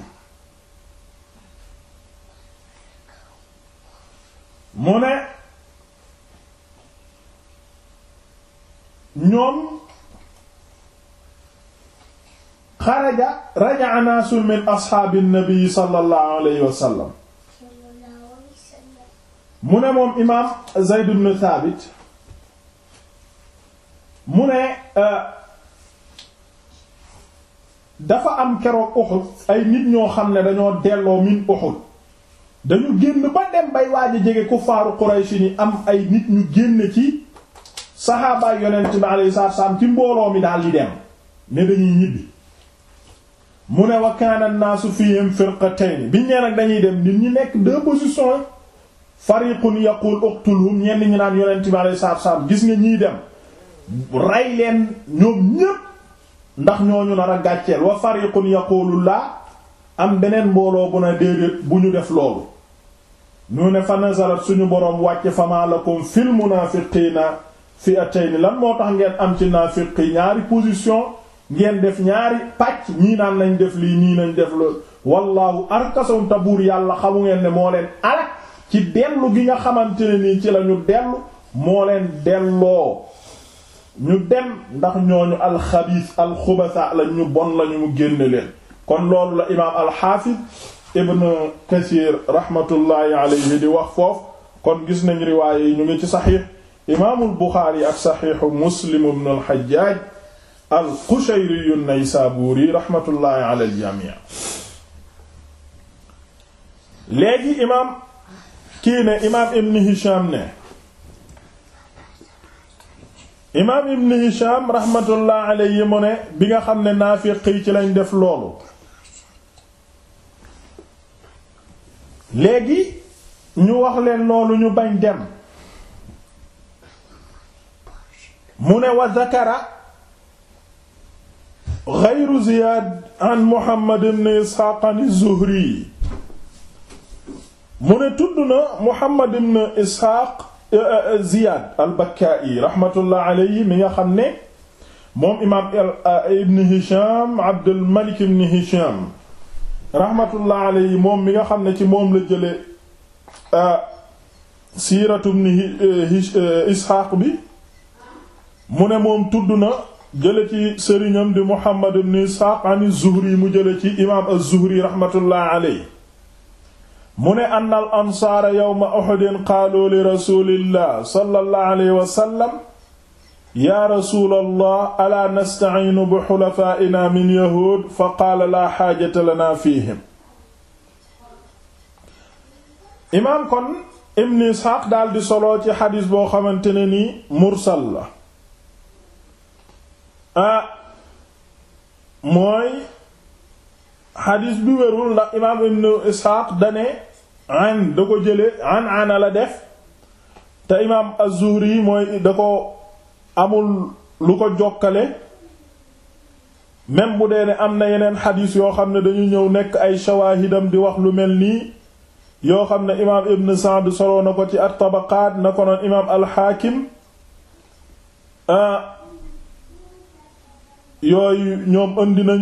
mu ne ñoom xaraja raja'a naasun min ashaabi nabi sallallahu alayhi wa sallam mu ne moom imaam Zayd ibn Thabit mu ne euh, dafa am keroog Uhud ay nit ñoo xam ne dañoo delloo min Uhud dañu génn ba dem bay waaj a jege kuffaaru Quraysh ni am ay nit ñu génn ci saxaabaay yonent bi alayhi salaam ci mbooloo mi daal di dem ne dañuy ñibbi mu ne wa kaana an-naasu fihim firqatayn biñ nee nag dañuy dem nit ñi nekk deux positions fariqun yaqul uqtulhum ñenn ñi naan yonent bi alayhi salaatu gis nga ñiy dem rey leen ñoom ñépp ndax ñooñu na a wa fariqun yaqulu laa am beneen mbooloo bu na déedéet bu ñu def loolu ñu ne fa nazalat suñu boroom wàcc fama lakum fil munaafiqiina fi'atayn lan moo tax ngeen am ci naafiqi ñaari position ngeen def ñaari pàcc ñii naan nañ def lii ñii nañ def loolu wallaahu arkasum buur yàlla xamu ngeen ne moo leen alak ci dellu gi nga xamante nii ci lañu ñu dellu moo leen delloo ñu dem ndax ñooñu alxabiis alxubasa lañ ñu bon lañu mu génne leen kon loolu la imaam alxaafis ibn kasir rahmatullahi di wax foofu kon gis nañu riwaaye yi ñu ngi ci saxiix imaamul buxaari ak saxiixu muslim ibn alxajjaaj al-Qushayri an-Naysaburi rahmatullahi ala al-jami' léegi imaam kii ne imaam Ibn Hisham ne imaam Ibn Hisham rahmatullahi alayhi mu ne bi nga xam ne naafiq yi ci lañ def loolu léegi ñu wax leen loolu ñu bañ dem mu ne wa zakara xeyru ziyaad an muhammad ibn isxaaq an zuhri mu ne tudd na muhammad ibn isxaaq eh, eh, eh, ziyaad al bakkaa'i raxmatullah alayhi mi nga xam ne moom imaam ibn hisham abdul malik ibn hisham raxmatullah alayhi moom mi nga xam ne ci moom la jële siiratu ibn isxaaq bi mu ne moom tudd na jële ci sëriñam di Muhammad mu jële ci imaam az-Zuhri raxmatullaahi alayhi mu ne anna al ansaara yawma qaalu li rasuulillah sallallaahu alaa nasta'iinu bi xulafaa'inaa min yahuud fa qaala laa xaajata lanaa fiihim imaam kon ibn Isxaaq daldi solo ci xadiis boo xamante ne nii mursal ah mooy xadiis bi wérul ndax imaam ibn Isxaaq dane an da ko jële an ana la def te imaam az mooy da ko amul lu ko jokkale même bu dee ne am na yeneen xadiis yoo xam ne dañu ñëw nekk ay shawaahidam di wax lu mel nii yoo xam ne imaam ibn Sa'd soloo na ko ci at-Tabaqaat na ko noon imaam al yooyu ñoom indi nañ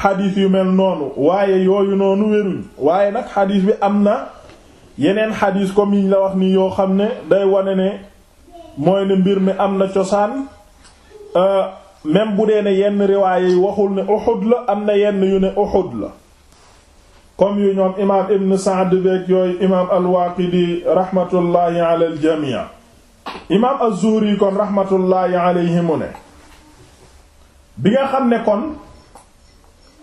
xadiis yu mel noonu waaye yooyu noonu wéruñ waaye nag xadiis bi am na yeneen xadiis comme yiñ la wax nii yoo xam ne day wane ne mooy ne mbir mi am na cosaan euh, même bu dee ne yenn riwaaye yi waxul ne Uhud la am na yenn yu ne Uhud la comme yu ñoom imaam Ibn Sa'd beek yooyu imaam al-Waaqidi rahmatullahi ala al imaam az-Zuhri kon rahmatullahi alayhi ne bi nga xam ne kon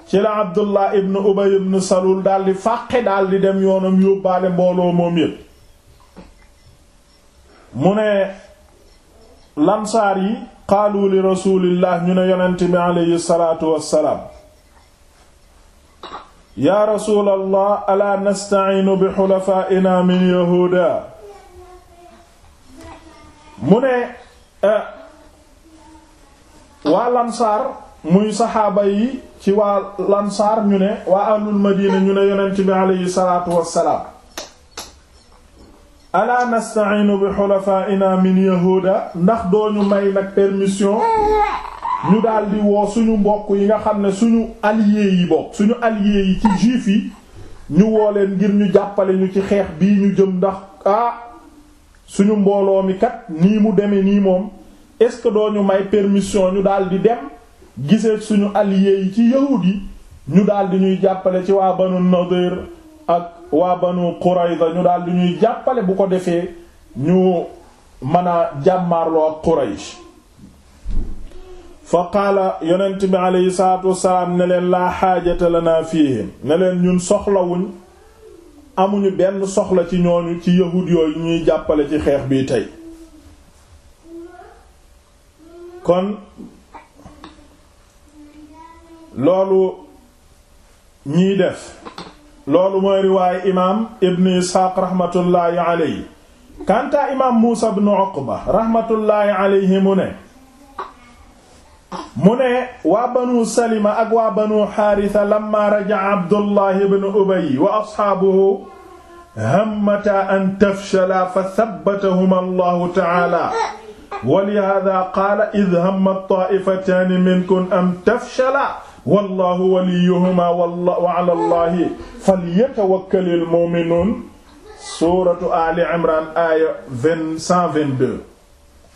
ci la Abdullah ibn Ubay ibn Salul daldi fàqe daldi dem yoonam yóbbaale mbooloo moom yépp mu ne lamsaar yi qaalu li rasulillah ñu ne yonent bi yaa rasulallah alaa nasta'iinu bi xulafaa'inaa min yahuuda mu ne eh, waa lansaar muy saxaaba yi ci waa lansaar ñu ne waa ahlul madina ñu ne yonent bi aleyhi salaatu wassalaam ala nasta'inu bi xulafaa'ina min yahuuda ndax dooñu may nag permission ñu daldi woo suñu mbokk yi nga xam ne suñu alliés yi bokk suñu alliés yi ci juif yi ñu woo leen ngir ñu jàppale ñu ci xeex bii ñu jëm ndax ah suñu mbooloo mi kat nii mu deme nii moom est ce que doo may permission ñu daal di dem gisee suñu alliés yi ci yahuud yi ñu daal di ñuy jàppale ci waa banu Nadir ak waa banu Qurayza ñu daal ñuy jàppale bu ko defee ñu mën a jàmmaarloo ak Quraysh fa qaala yonent bi aleyhi salaatu wasalaam ne leen laa xaajata lana fiihim ne leen ñun soxlawuñ amuñu benn soxla ci ñooñu ci yahuud yooyu ñuy jàppale ci xeex bii tey kon loolu ñiy def loolu mooy riwaayu imaam ibn isxaaq raxmatullaahi alayhi kantaa imaam muusa ibn uqba raxmatullaahi alayhi mu ne mu ne waa banu salima ak waa banu xaarisa lamma raja'a abdullahi ibn ubay wa asxaabuhu hammata an tafshala fa thabbatahum allahu taala wa lihaadha qaala id hamma taa'ifataani minkum an tafshala wallaahu waliyyuhumaa wa ala llaahi falyatawakkalil mu'minuun suuratu Ali Imraan aaya 122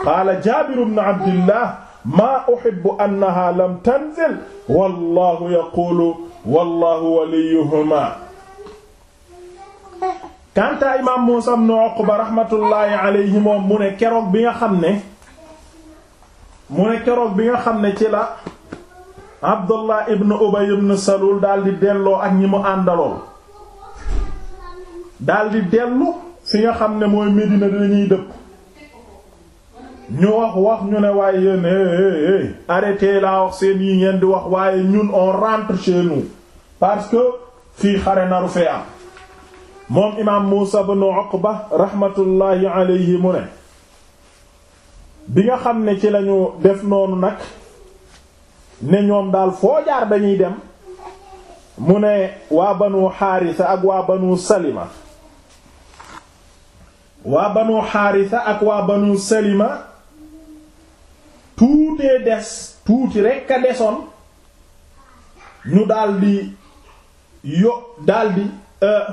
qaala Jaabiru bnu Abdillah maa uhibbu annahaa lam tanzil wallaahu yaquulu wallaahu waliyyuhumaa kanta imaam Muusaa bnu Uqba rahmatullaahi alayhi moom mu ne keroog bi nga xam ne mu ne keroog bi nga xam ne ci la Abdullah ibn Ubay ibn Salul daldi delloo ak ñi mu àndaloon daldi dellu fi nga xam ne mooy Medina dañuy dëpp ñu wax wax ñu ne waaye yéen eh, eh, eh, eh laa wax seen yi ngeen di wax waaye ñun on rentre chez nous parce que fii xare naru fee am moom imaam Muusa ibn Uqba rahmatullahi alayhi mu ne. bi nga xam ne ci lañu def noonu nag ne ñoom daal foo jaar dañuy dem mu ne waa banu xaarisa ak waa banu salima waa banu xaarisa salima tuutee des tuuti rekk a desoon ñu daldi yo daldi euh,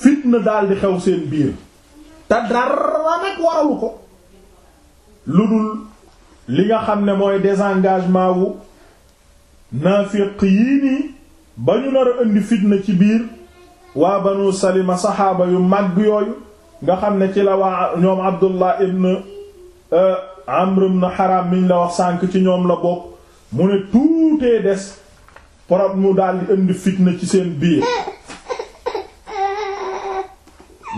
fitna daldi xew seen biir te dara nag waralu ko lu dul li nga xam ne mooy désengagement wu naafiq yii nii ba ñu nar a fitna ci biir waa banu salima saxaaba yu màgg yooyu nga xam ne ci la waa ñoom abdullah ibn euh, amr ibn miñ la wax sànk ci ñoom la bokk mu ne tuutee des porop mu daldi indi fitna ci seen biir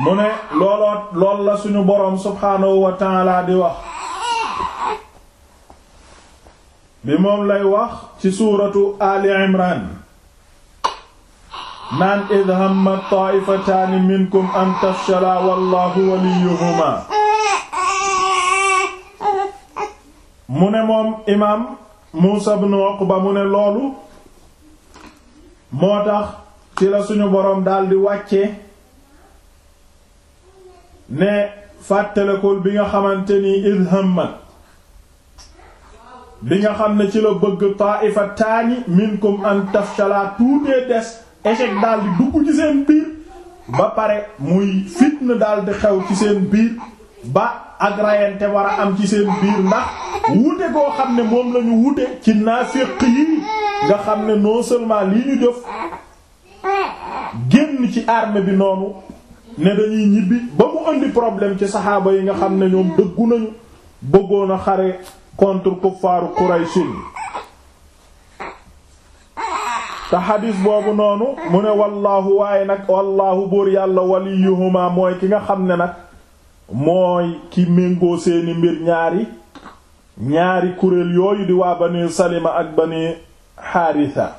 mu ne looloo lool la suñu boroom subhaanahu wa di wax bi moom lay wax ci suuratu ali imran naan id hamma taa'ifataani minkum an tafshala wallahu waliyuhuma mu ne moom imaam muusa ibn uqba mu ne loolu moo tax ci la suñu boroom daldi wàcce ne fàttalekul bi nga xamante ni id hammat bi nga xam ne ci la bëgg taifa taani minkum an tafshala tuutee des échec daal di dugg ci seen biir ba pare muy fitna daal di xew ci seen biir ba ak rayante war a am ci seen biir ndax wuute koo xam ne moom la ñu wuute ci naafiq yi nga xam ne non seulement lii ñu def génn ci arme bi noonu ne dañuy ñibbi ba mu indi problème ci saxaaba yi nga xam ne ñoom dëggu nañu bëggoon a xare contre kuffaaru Quraysin te xadis boobu noonu mu ne wallaahu waaye nag wallaahu buur yàlla waliyuhuma mooy ki nga xam ne nag mooy ki méngoo seeni mbir ñaari ñaari kuréel yooyu di waa bani salima ak bani xaarisa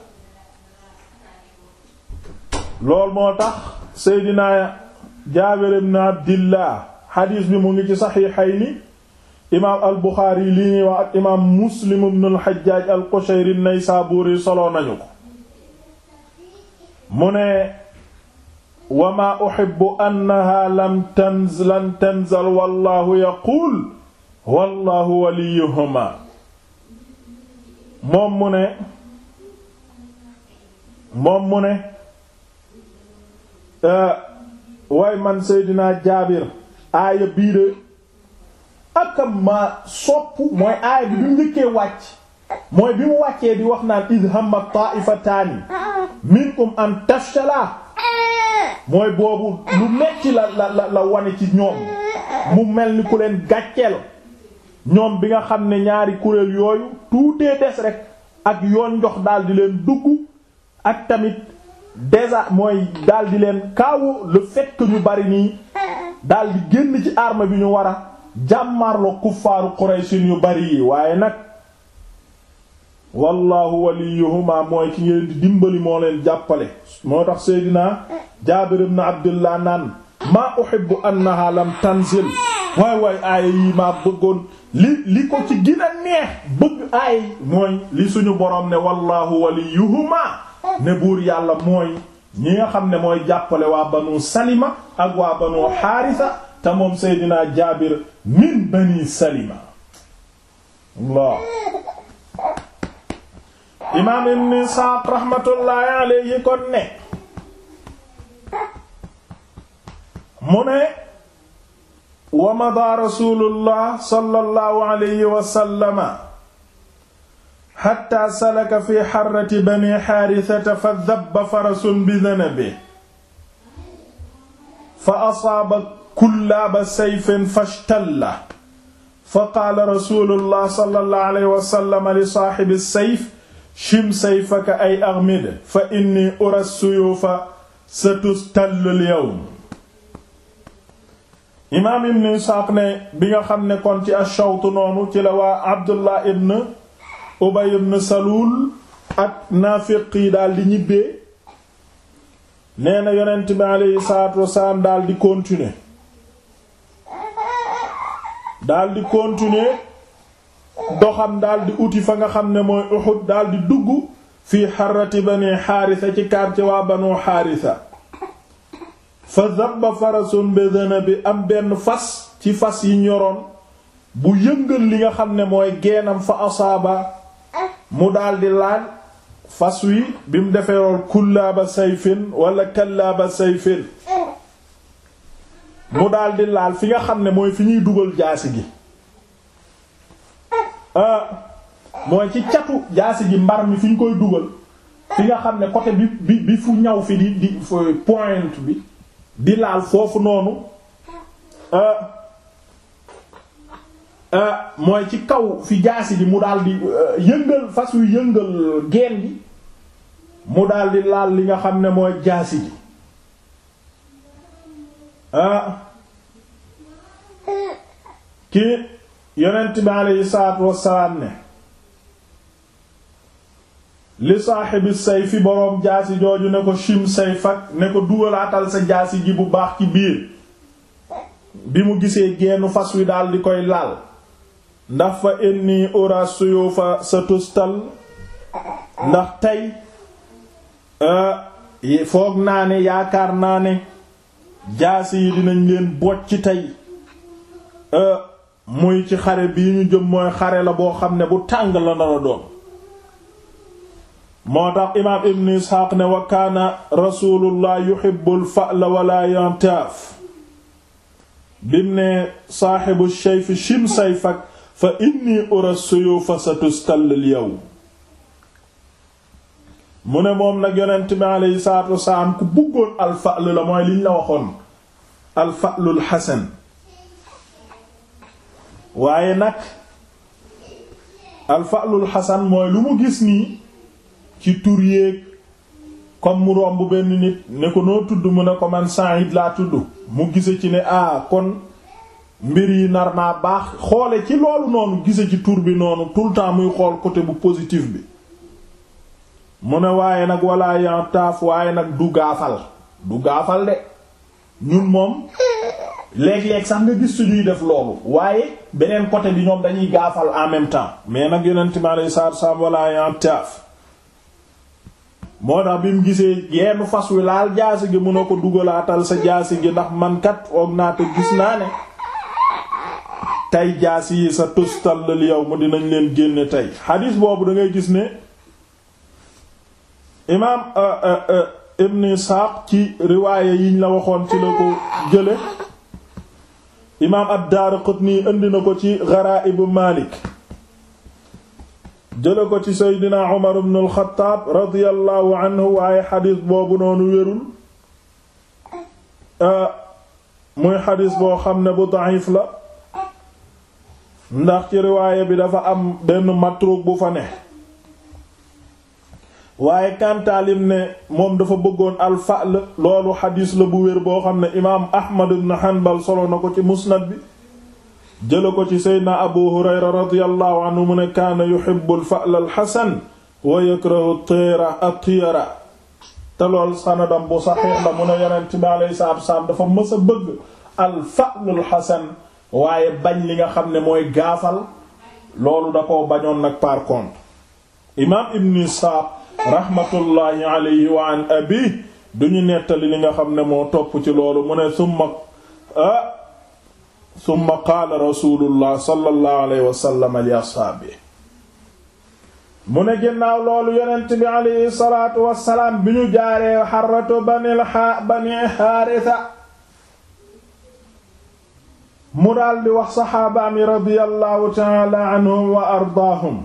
lool moo tax seydinaa jaabir ibn abdillah xadiis bi mu ngi ci saxiixayni imaam al buxaari li ñuy wax ak imaam muslim ibn al xajjaaj al qushayri naysaabuuri soloo nañu ko mu wa maa uhibbu annaha lan tanzal wallahu yaquul wallahu waliyuhuma moom mu ne moom euh, way man Seydina Jaabir aaya bii de akam ma sopp mooy aaya bi mu njëkkee wàcc mooy bi mu wàccee di wax naan id hamma taa'ifataani minkum an tafshala mooy boobu lu metti la la la wane ci ñoom mu mel ni ku leen gàcceel ñoom bi nga xam ne ñaari kuréel yooyu tuutee des rek ak yoon njox daal di leen dugg ak tamit déjà mooy daal leen kaawu le fait ñu bari nii daldi di génn ci arme bi ñu war a jàmmarloo kuffaaru Qurayshin yu bari yi waaye nag wallahu waliyuhuma mooy ki ngeen di dimbali moo leen jàppale moo tax Seydina Jaabir ibn Abdullah naan maa uhibbu annaha lam tanzil waay waay aaya maa bëggoon li li ko ci gën neex bëgg aay mooy li suñu borom ne wallahu waliyuhuma ne buur yàlla mooy ñi nga xam ne mooy jàppale waa banu salima ak waa banu xaarisa te moom seydinaa jaabir min bani salima Allah imaam ibn Isxaaq raxmatullaahi alayhi kon ne mu ne wa madaa rasuulullah sallallaahu alayhi wa xatta salaka fi xarrati bani xaarisata fa dabba farasun bi danabe fa asaaba kullaaba sayfin fashtalla fa qaala rasulullah sallallahu alayhi wa sallam li saaxibi sayf shim sayfaka ay armide fa inni ura suyuufa satustallul yawm imaam ibn Isxaaq ne bi nga xam ne kon ci ashawtu noonu ci la waa Abdullah ibn Ubay ibn Salul ak naafiq yi daldi di ñibbee nee na yonent bi aleyhi salaatu wasalaam daal doxam daldi uti fa nga xam ne mooy Uhud daal dugg fi xarati bani xaarisa ci quartier waa banu xaarisa fa zabba farasun bédana bi am benn fas ci fas yi ñoroon bu yëngal li nga xam ne mooy geenam fa asaaba mu daldi laal fas wi bi mu defee lool kullaaba sayfin wala kallaaba sayfin mu daldi laal fi nga xam ne mooy fi ñuy dugal jaasi gi ah, mooy ci catu jaasi gi mbar mi fi ñu koy dugal fi nga xam ne côté bi bi bi fu ñaw fi di di point bi di laal foofu noonu ah, Euh, mooy ci kaw fi jaasi ji mu daal di euh, yëngal fas yu yëngal geen gi mu daal di laal li nga xam ne mooy jaasi ji ah ki yonent bi aleyhi salaatu wassalaam ne li saaxibi sayfi boroom jaasi jooju ne ko shim sayfak ne ko dugalaatal sa jaasi ji bu baax ci biir bi mu gisee geenu fas wi daal di koy laal ndax fa inni ura suyufa sa tustal ndax tey eh, foog naa ne yaakaar naa ne jaasi yi dinañ leen boot ci tey eh, muy ci xare bii ñu jëm mooy xare la boo xam ne bu tàng la nar a doon moo tax imaam ibn isxaaq ne wa kaana rasulullah yuhibbul fa'la wala yantaaf bim ne saaxibu shayf shim sayfak fa inni ura suyufa satustallil yawm mu ne moom nag yonent bi aleyhi salaatu wasalaam ku bëggoon alfa'l la mooy liñ la waxoon alfa'lul xasan waaye nag alfa'lul xasan mooy lu mu gis nii ci tur yéeg kom mu romb benn nit ne ko noo tudd mu ne ko man Saïd laa tudd mu gise ci ne a ah kon mbir yi nar naa baax xoole ci loolu noonu gise ci tur bi noonu tout le temps muy xool côté bu positif bi mu ne waaye nag walla yan taaf waaye nag du gaafal du gaafal de ñun moom léeg-léeg sax nga gis suñuy def loolu waaye beneen côté bi ñoom dañuy gaafal en même temps mais nag yonent mi alei saatu salaam walla yan taaf moo tax bi mu gisee yenn fas wi laal jaasi gi mun a ko dugalaatal sa jaasi gi ndax man kat foog naa te gis naa ne tey jaasi yi sa tustallal yow mu dinañ leen génne tey xadiis boobu dangay gis ne imaam euh, euh, euh, ibn Isxaaq ci riwaaya yiñ la waxoon ci la ko jële imaam ad-Daaraqutni indi na ko ci Gharaa'ib Maalik jële ko ci Seydina Umar ibn al-Xattaab radiyallahu anhu waaye xadiis boobu noonu wérul muy xadiis boo xam ne bu da'if la ndax ci riwaaya bi dafa am benn matruk bu fa ne waaye kantaalim ne moom dafa bëggoon alfa'l loolu xadiis la bu wér boo xam ne imaam ahmad ibn hanbal solo na ko ci musnad bi jëla ko ci seydna abu hurayra radiyallahu anhu mu ne kaana yuhibbu alfa'l alxasan wa yakrahu tira te lool sanadam bu saxiix la mu ne yonent bi alayhi salaatu dafa mës bëgg alfa'l alxasan waaye bañ li nga xam ne mooy gaasal loolu da koo bañoon nag par contre imaam ibn Isaaq rahmatullahi alayhi wa an abi duñu nettali li nga xam ne moo topp ci loolu mu ne summa ah summa qaala rasulullah sallallahu alayhi mu ne ginnaaw loolu yonent bi alayhi salaatu wassalaam bi ñu jaaree xarratu bani xaarisa mu daldi wax saxaabaam yi radiyallahu taala anhum wa ardaahum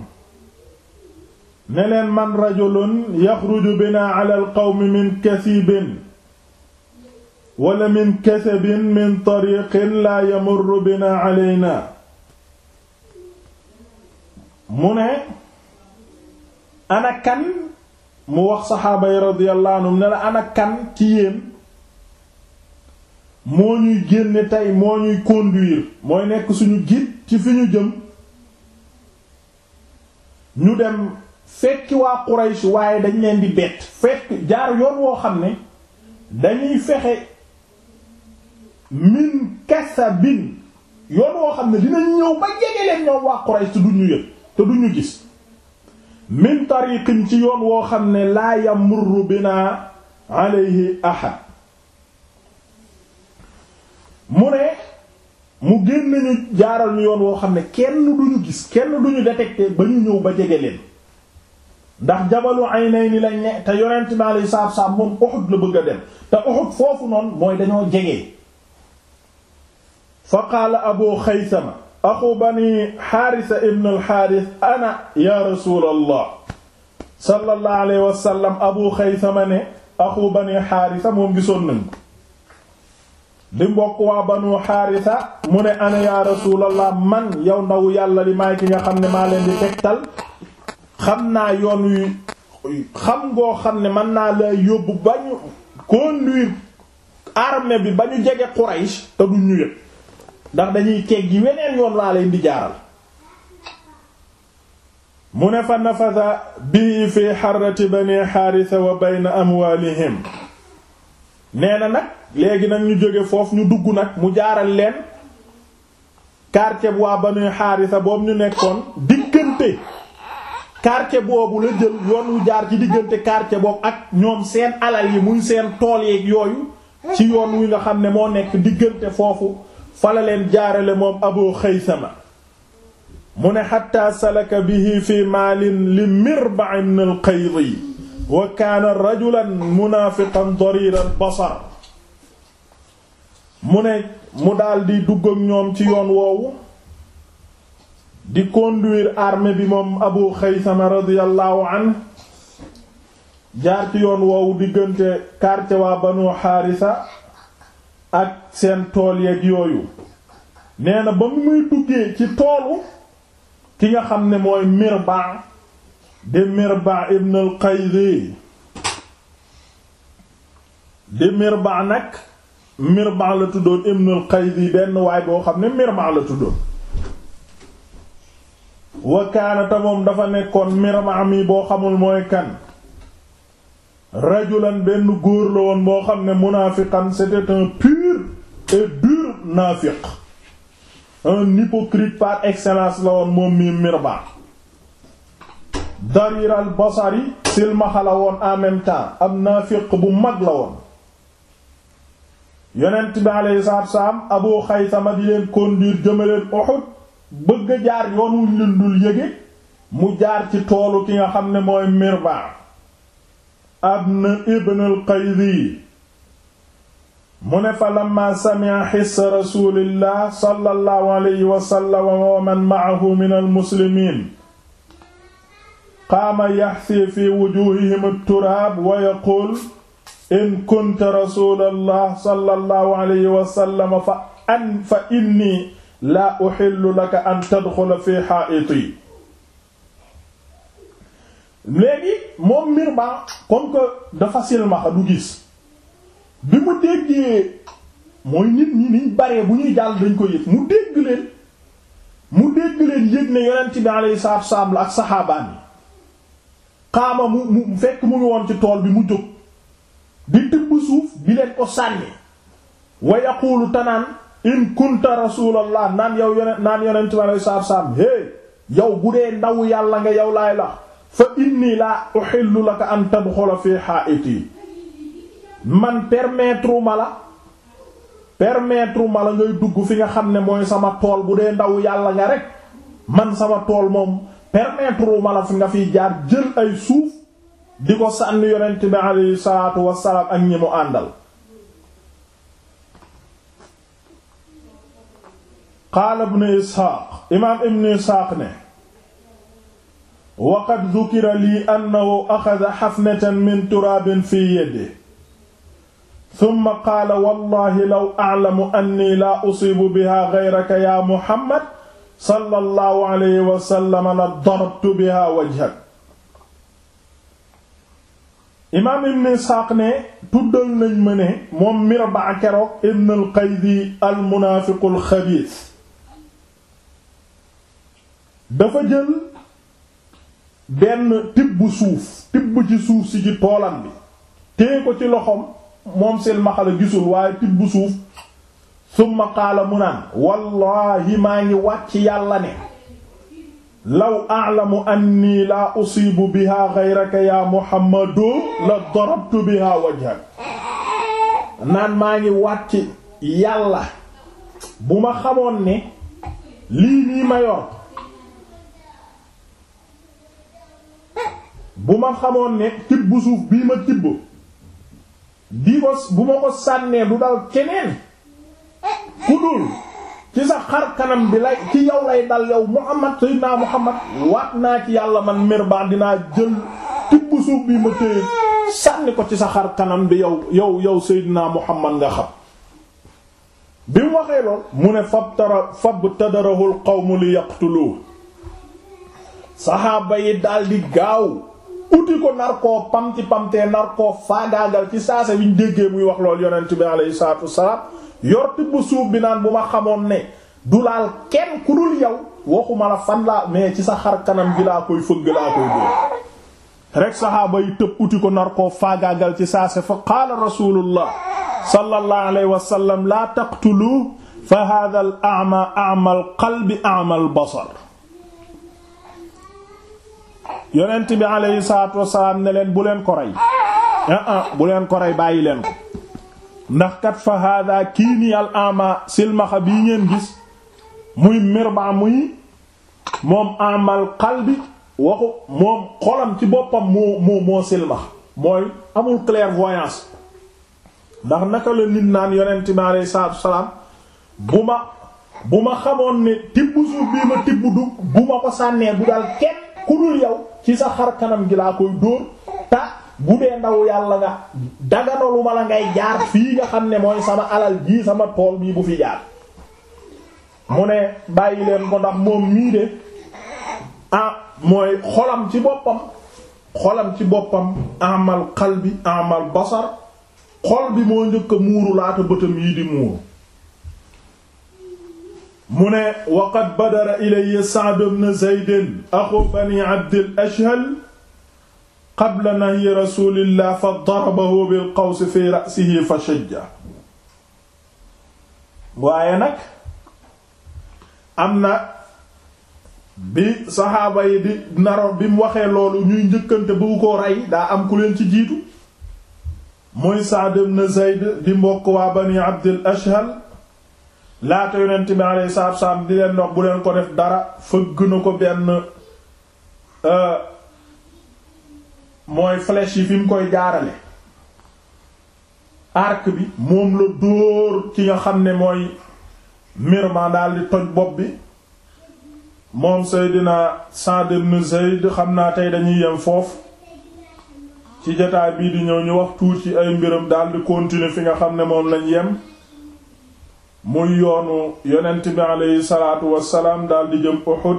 ne leen man rajulun yaxruju bina ala alqawmi min kasibin wala min kasabin min tariqin laa yamurru bina aleyna mu ne ana kan mu wax saxaaba yi radiyallahu anhum ne la ana kan ci yéen moo ñuy génne tey moo ñuy conduire mooy nekk suñu guide ci fi ñu jëm ñu dem fekki waa Quraysh waaye dañ leen di bett fekk jaar yoon woo xam ne dañuy fexe min kasabin yoon woo xam ne dinañ ñëw ba jege leen ñoom waa Quraysh te duñu yëg te duñu gis min tariqin ci yoon woo xam ne laa yamurru bina alayhi ahad mu ne mu génn ñu jaaral ñu yoon woo xam ne kenn duñu gis kenn duñu détecté ba ñu ñëw ba jege leen ndax jabalu aynayni lañ ne te yonent bi alayhi salaatu salaam moom la bëgg a dem te Uhud foofu noonu mooy dañoo jege. fa qaala abu xaysama axu bani xaarisa ibn alxaaris ana ya rasulallah sallallahu alayhi wa sallam abu xaysama ne axu bani xaarisa moom gisoon nañ ko di mbokk waa banu xaarisa mu ne ana ya rasulallah man yow ndaw yàlla li maay ki nga xam ne maa leen di tegtal xam naa yoon wi xam ngoo xam ne man naa la yóbbu ba ñu conduire armée bi ba ñu jege Quraysh te duñ ñu yëpp ndax dañuy teggi weneen yoon laa leen di jaaral mu ne fa nafada bii fi xarrati bani xaarisa wa bayna amwalihim nee na nag léegi nag ñu jóge foofu ñu dugg nag mu jaaral leen quartier bu waa Banu Haarisa boobu ñu nekkoon diggante quartier boobu la jël yoon wu jaar ci diggante quartier boobu ak ñoom seen alal yi muy seen tool yeeg yooyu ci yoon wi nga xam ne moo nekk diggante foofu fala leen jaarale moom Abu Xaysama mu ne xatta salaka bihi fi maalin li Mirba' ibn al-Qaydi wa kaana rajulan munaafiqan dariira basar mu ne mu daldi dugg ak ñoom ci yoon woowu di conduire armée bi moom Abu Xaysama radiyallahu an jaar ci yoon woowu diggante quartier waa Banu Xaarisa ak seen tool yeeg yooyu nee na ba muy duggee ci toolu ki nga xam ne mooy Mirba de Mirba ibn al-Qaydi de nag Mirba la tuddoon ibnul Qaydi benn waay boo xam ne Mirba la tuddoon wa moom dafa nekkoon Mirba mi boo xamul mooy kan rajulan benn góor la woon boo xam ne munaafiqan c'était un pur et dur naafiq un hypocrite par excellence la woon moom mii Mirba dariral basari silmaxa la woon en même temps bu mag la woon yonent bi alayhi salaatu salaam Abu Xaysama di leen conduire jëmaleen Uhud bëgg a jaar yoon wuñ leen dul yége mu jaar ci toolu ki nga xam ne mooy Mirba ibn Ibn al-Qaydi mu ne fa lamma sami'a hissa rasulillah sallallahu alayhi wa sallam wa man ma'ahu min al-muslimin qaama yahsi fi wujuhihim at-turaab wa yaqul in kunta rasulallah sallallahu wa sallam fa an fa inni laa uhillu laka an tadxula fi haa'iti léegi moom Mirba comme que dafa silmaxa du gis bi mu déggee mooy nit ñi niñ baree bu ñuy jàll dañ ko yëg mu dégg leen mu dégg leen yëg ne yonent bi alayhi salaam la ak saxaabaan xaama mu mu fekk mu ngi woon ci tool bi mu jóg di tibb suuf di leen ko sànni wa yaqulu tanaan in kunta rasulallah naan yow yonent naan yonent ma ne saab saab hey yow bu dee ndaw yàlla nga yow laay la fa inni laa uhillu laka an tadxula fi haa'iti man permettre ma la permettre ma la ngay dugg fi nga xam ne mooy sama tool bu dee ndaw yàlla nga rek man sama tool moom permettre ma la fi nga fi jaar jël ay suuf di ko sànni yonent bi alayhi salaatu wassalaam ak ñi mu àndal qaala ibn isxaaq imaam ibn isxaaq ne wa qad dukira lii annahu axada xafnatan min turaabin fii yadihi summa qaala wallahi law aclamu anni laa usiibu biha gayraka yaa muhammad sallallahu alayhi wa sallam la darabtu biha wajhak imaam ibn Isxaaq ne tuddal nañ ma ne moom Mirba keroog ibn al-Qaydi al-munaafiqul xabiis dafa jël benn tibb suuf tibb ci suuf si ci toolam bi téye ko ci loxoom moom seen maxala gisul waaye tibb suuf summa qaala mu wallaahi maa ngi wàcc yàlla ne law a'lamu anni laa usiibu biha ghayraka ya muhammadu la darabtu biha wajhak naan maa ngi wàcc yàlla bu ma xamoon ne lii nii ma yor bu ma xamoon ne tibb suuf bii ma tibb di bu ma ko sànnee du dal keneen ku ci sa xar kanam bi lay ci yow lay dal yow Muhammad sayyidina Muhammad waat naa ci yàlla man Mirbaan dinaa jël tibb suuf bi ma téye sànni ko ci sa xar kanam bi yow yow yow sayyidina Muhammad nga xam bi mu waxee lool mu ne fab tara fab tadarahul qawmu li yaqtuluhu yi daldi gaaw uti ko nar koo pamti pamtee nar koo faagaagal ci saasa wiñ déggee muy wax lool yonent bi alayhi salaatu yor tibb suuf bi naan bu ma xamoon ne du laal kenn ku dul yow waxuma la fan laa mais ci sa xar kanam gi laa koy fëgg laa koy dóor rek saxaaba yi tëb uti ko nar koo faagaagal ci saase fa qaala rasulullah sallallahu alayhi wa sallam laa taqtulu fa hadha al a'ma a'ma al qalbi a'ma al basar yonent bi alayhi salaatu wasalaam ne leen bu leen ko rey ah ah bu leen ko rey bàyyi leen ko ndax kat fa hada kii nii al ama silmaxa bii ngeen gis muy mirba muy moom amal bi waxu moom xolam ci boppam moo moo moo silmax mooy amul clairvoyance ndax naka la nit naan yonent bi alayhi salaam bu ma bu ma xamoon ne tibb suuf bii ma tibb du bu ma ko sànnee bu daal kenn ku yow ci sa xar kanam gi laa koy dóor bu dee ndaw yàlla nga daganalu la ngay jaar fii nga xam ne mooy sama alal jii sama tool bii bu fi jaar mu ne bàyyi leen ko ndax moom mii de ah mooy xolam ci boppam xolam ci boppam amal qalbi amal basar xol bi moo njëkk a muuru laata bëtam yi di muuru mu ne waqad badara ilayya Sa'd ibn Zayd axu bani Abd al qabla nahyi rasulillah fa darabahu bil qaws fi ra'sihi fa shajja waaye nag am na bi saxaaba yi di naroon bi mu waxee loolu ñuy njëkkante bëgg koo rey daa am ku leen ci jiitu muy Sa'd ibn Zayd di mbokk waa bani Abdul Ashhal laata yonent bi alayhi salaatu di leen dox bu leen ko def dara fëgg na ko benn euh, mooy flèche yi fi mu koy jaarale arc bi moom la dóor ki nga xam ne mooy Mirman daal di toj bopp bi moom Seydina Sa'd ibn Zayd xam naa tey dañuy yem foofu ci jotaay bii di ñëw ñu wax tuuti ay mbiram daal di continuer fi nga xam ne moom lañ yem muy yoonu yonent bi aleyhi salaatu wassalaam daal di jëm Uhud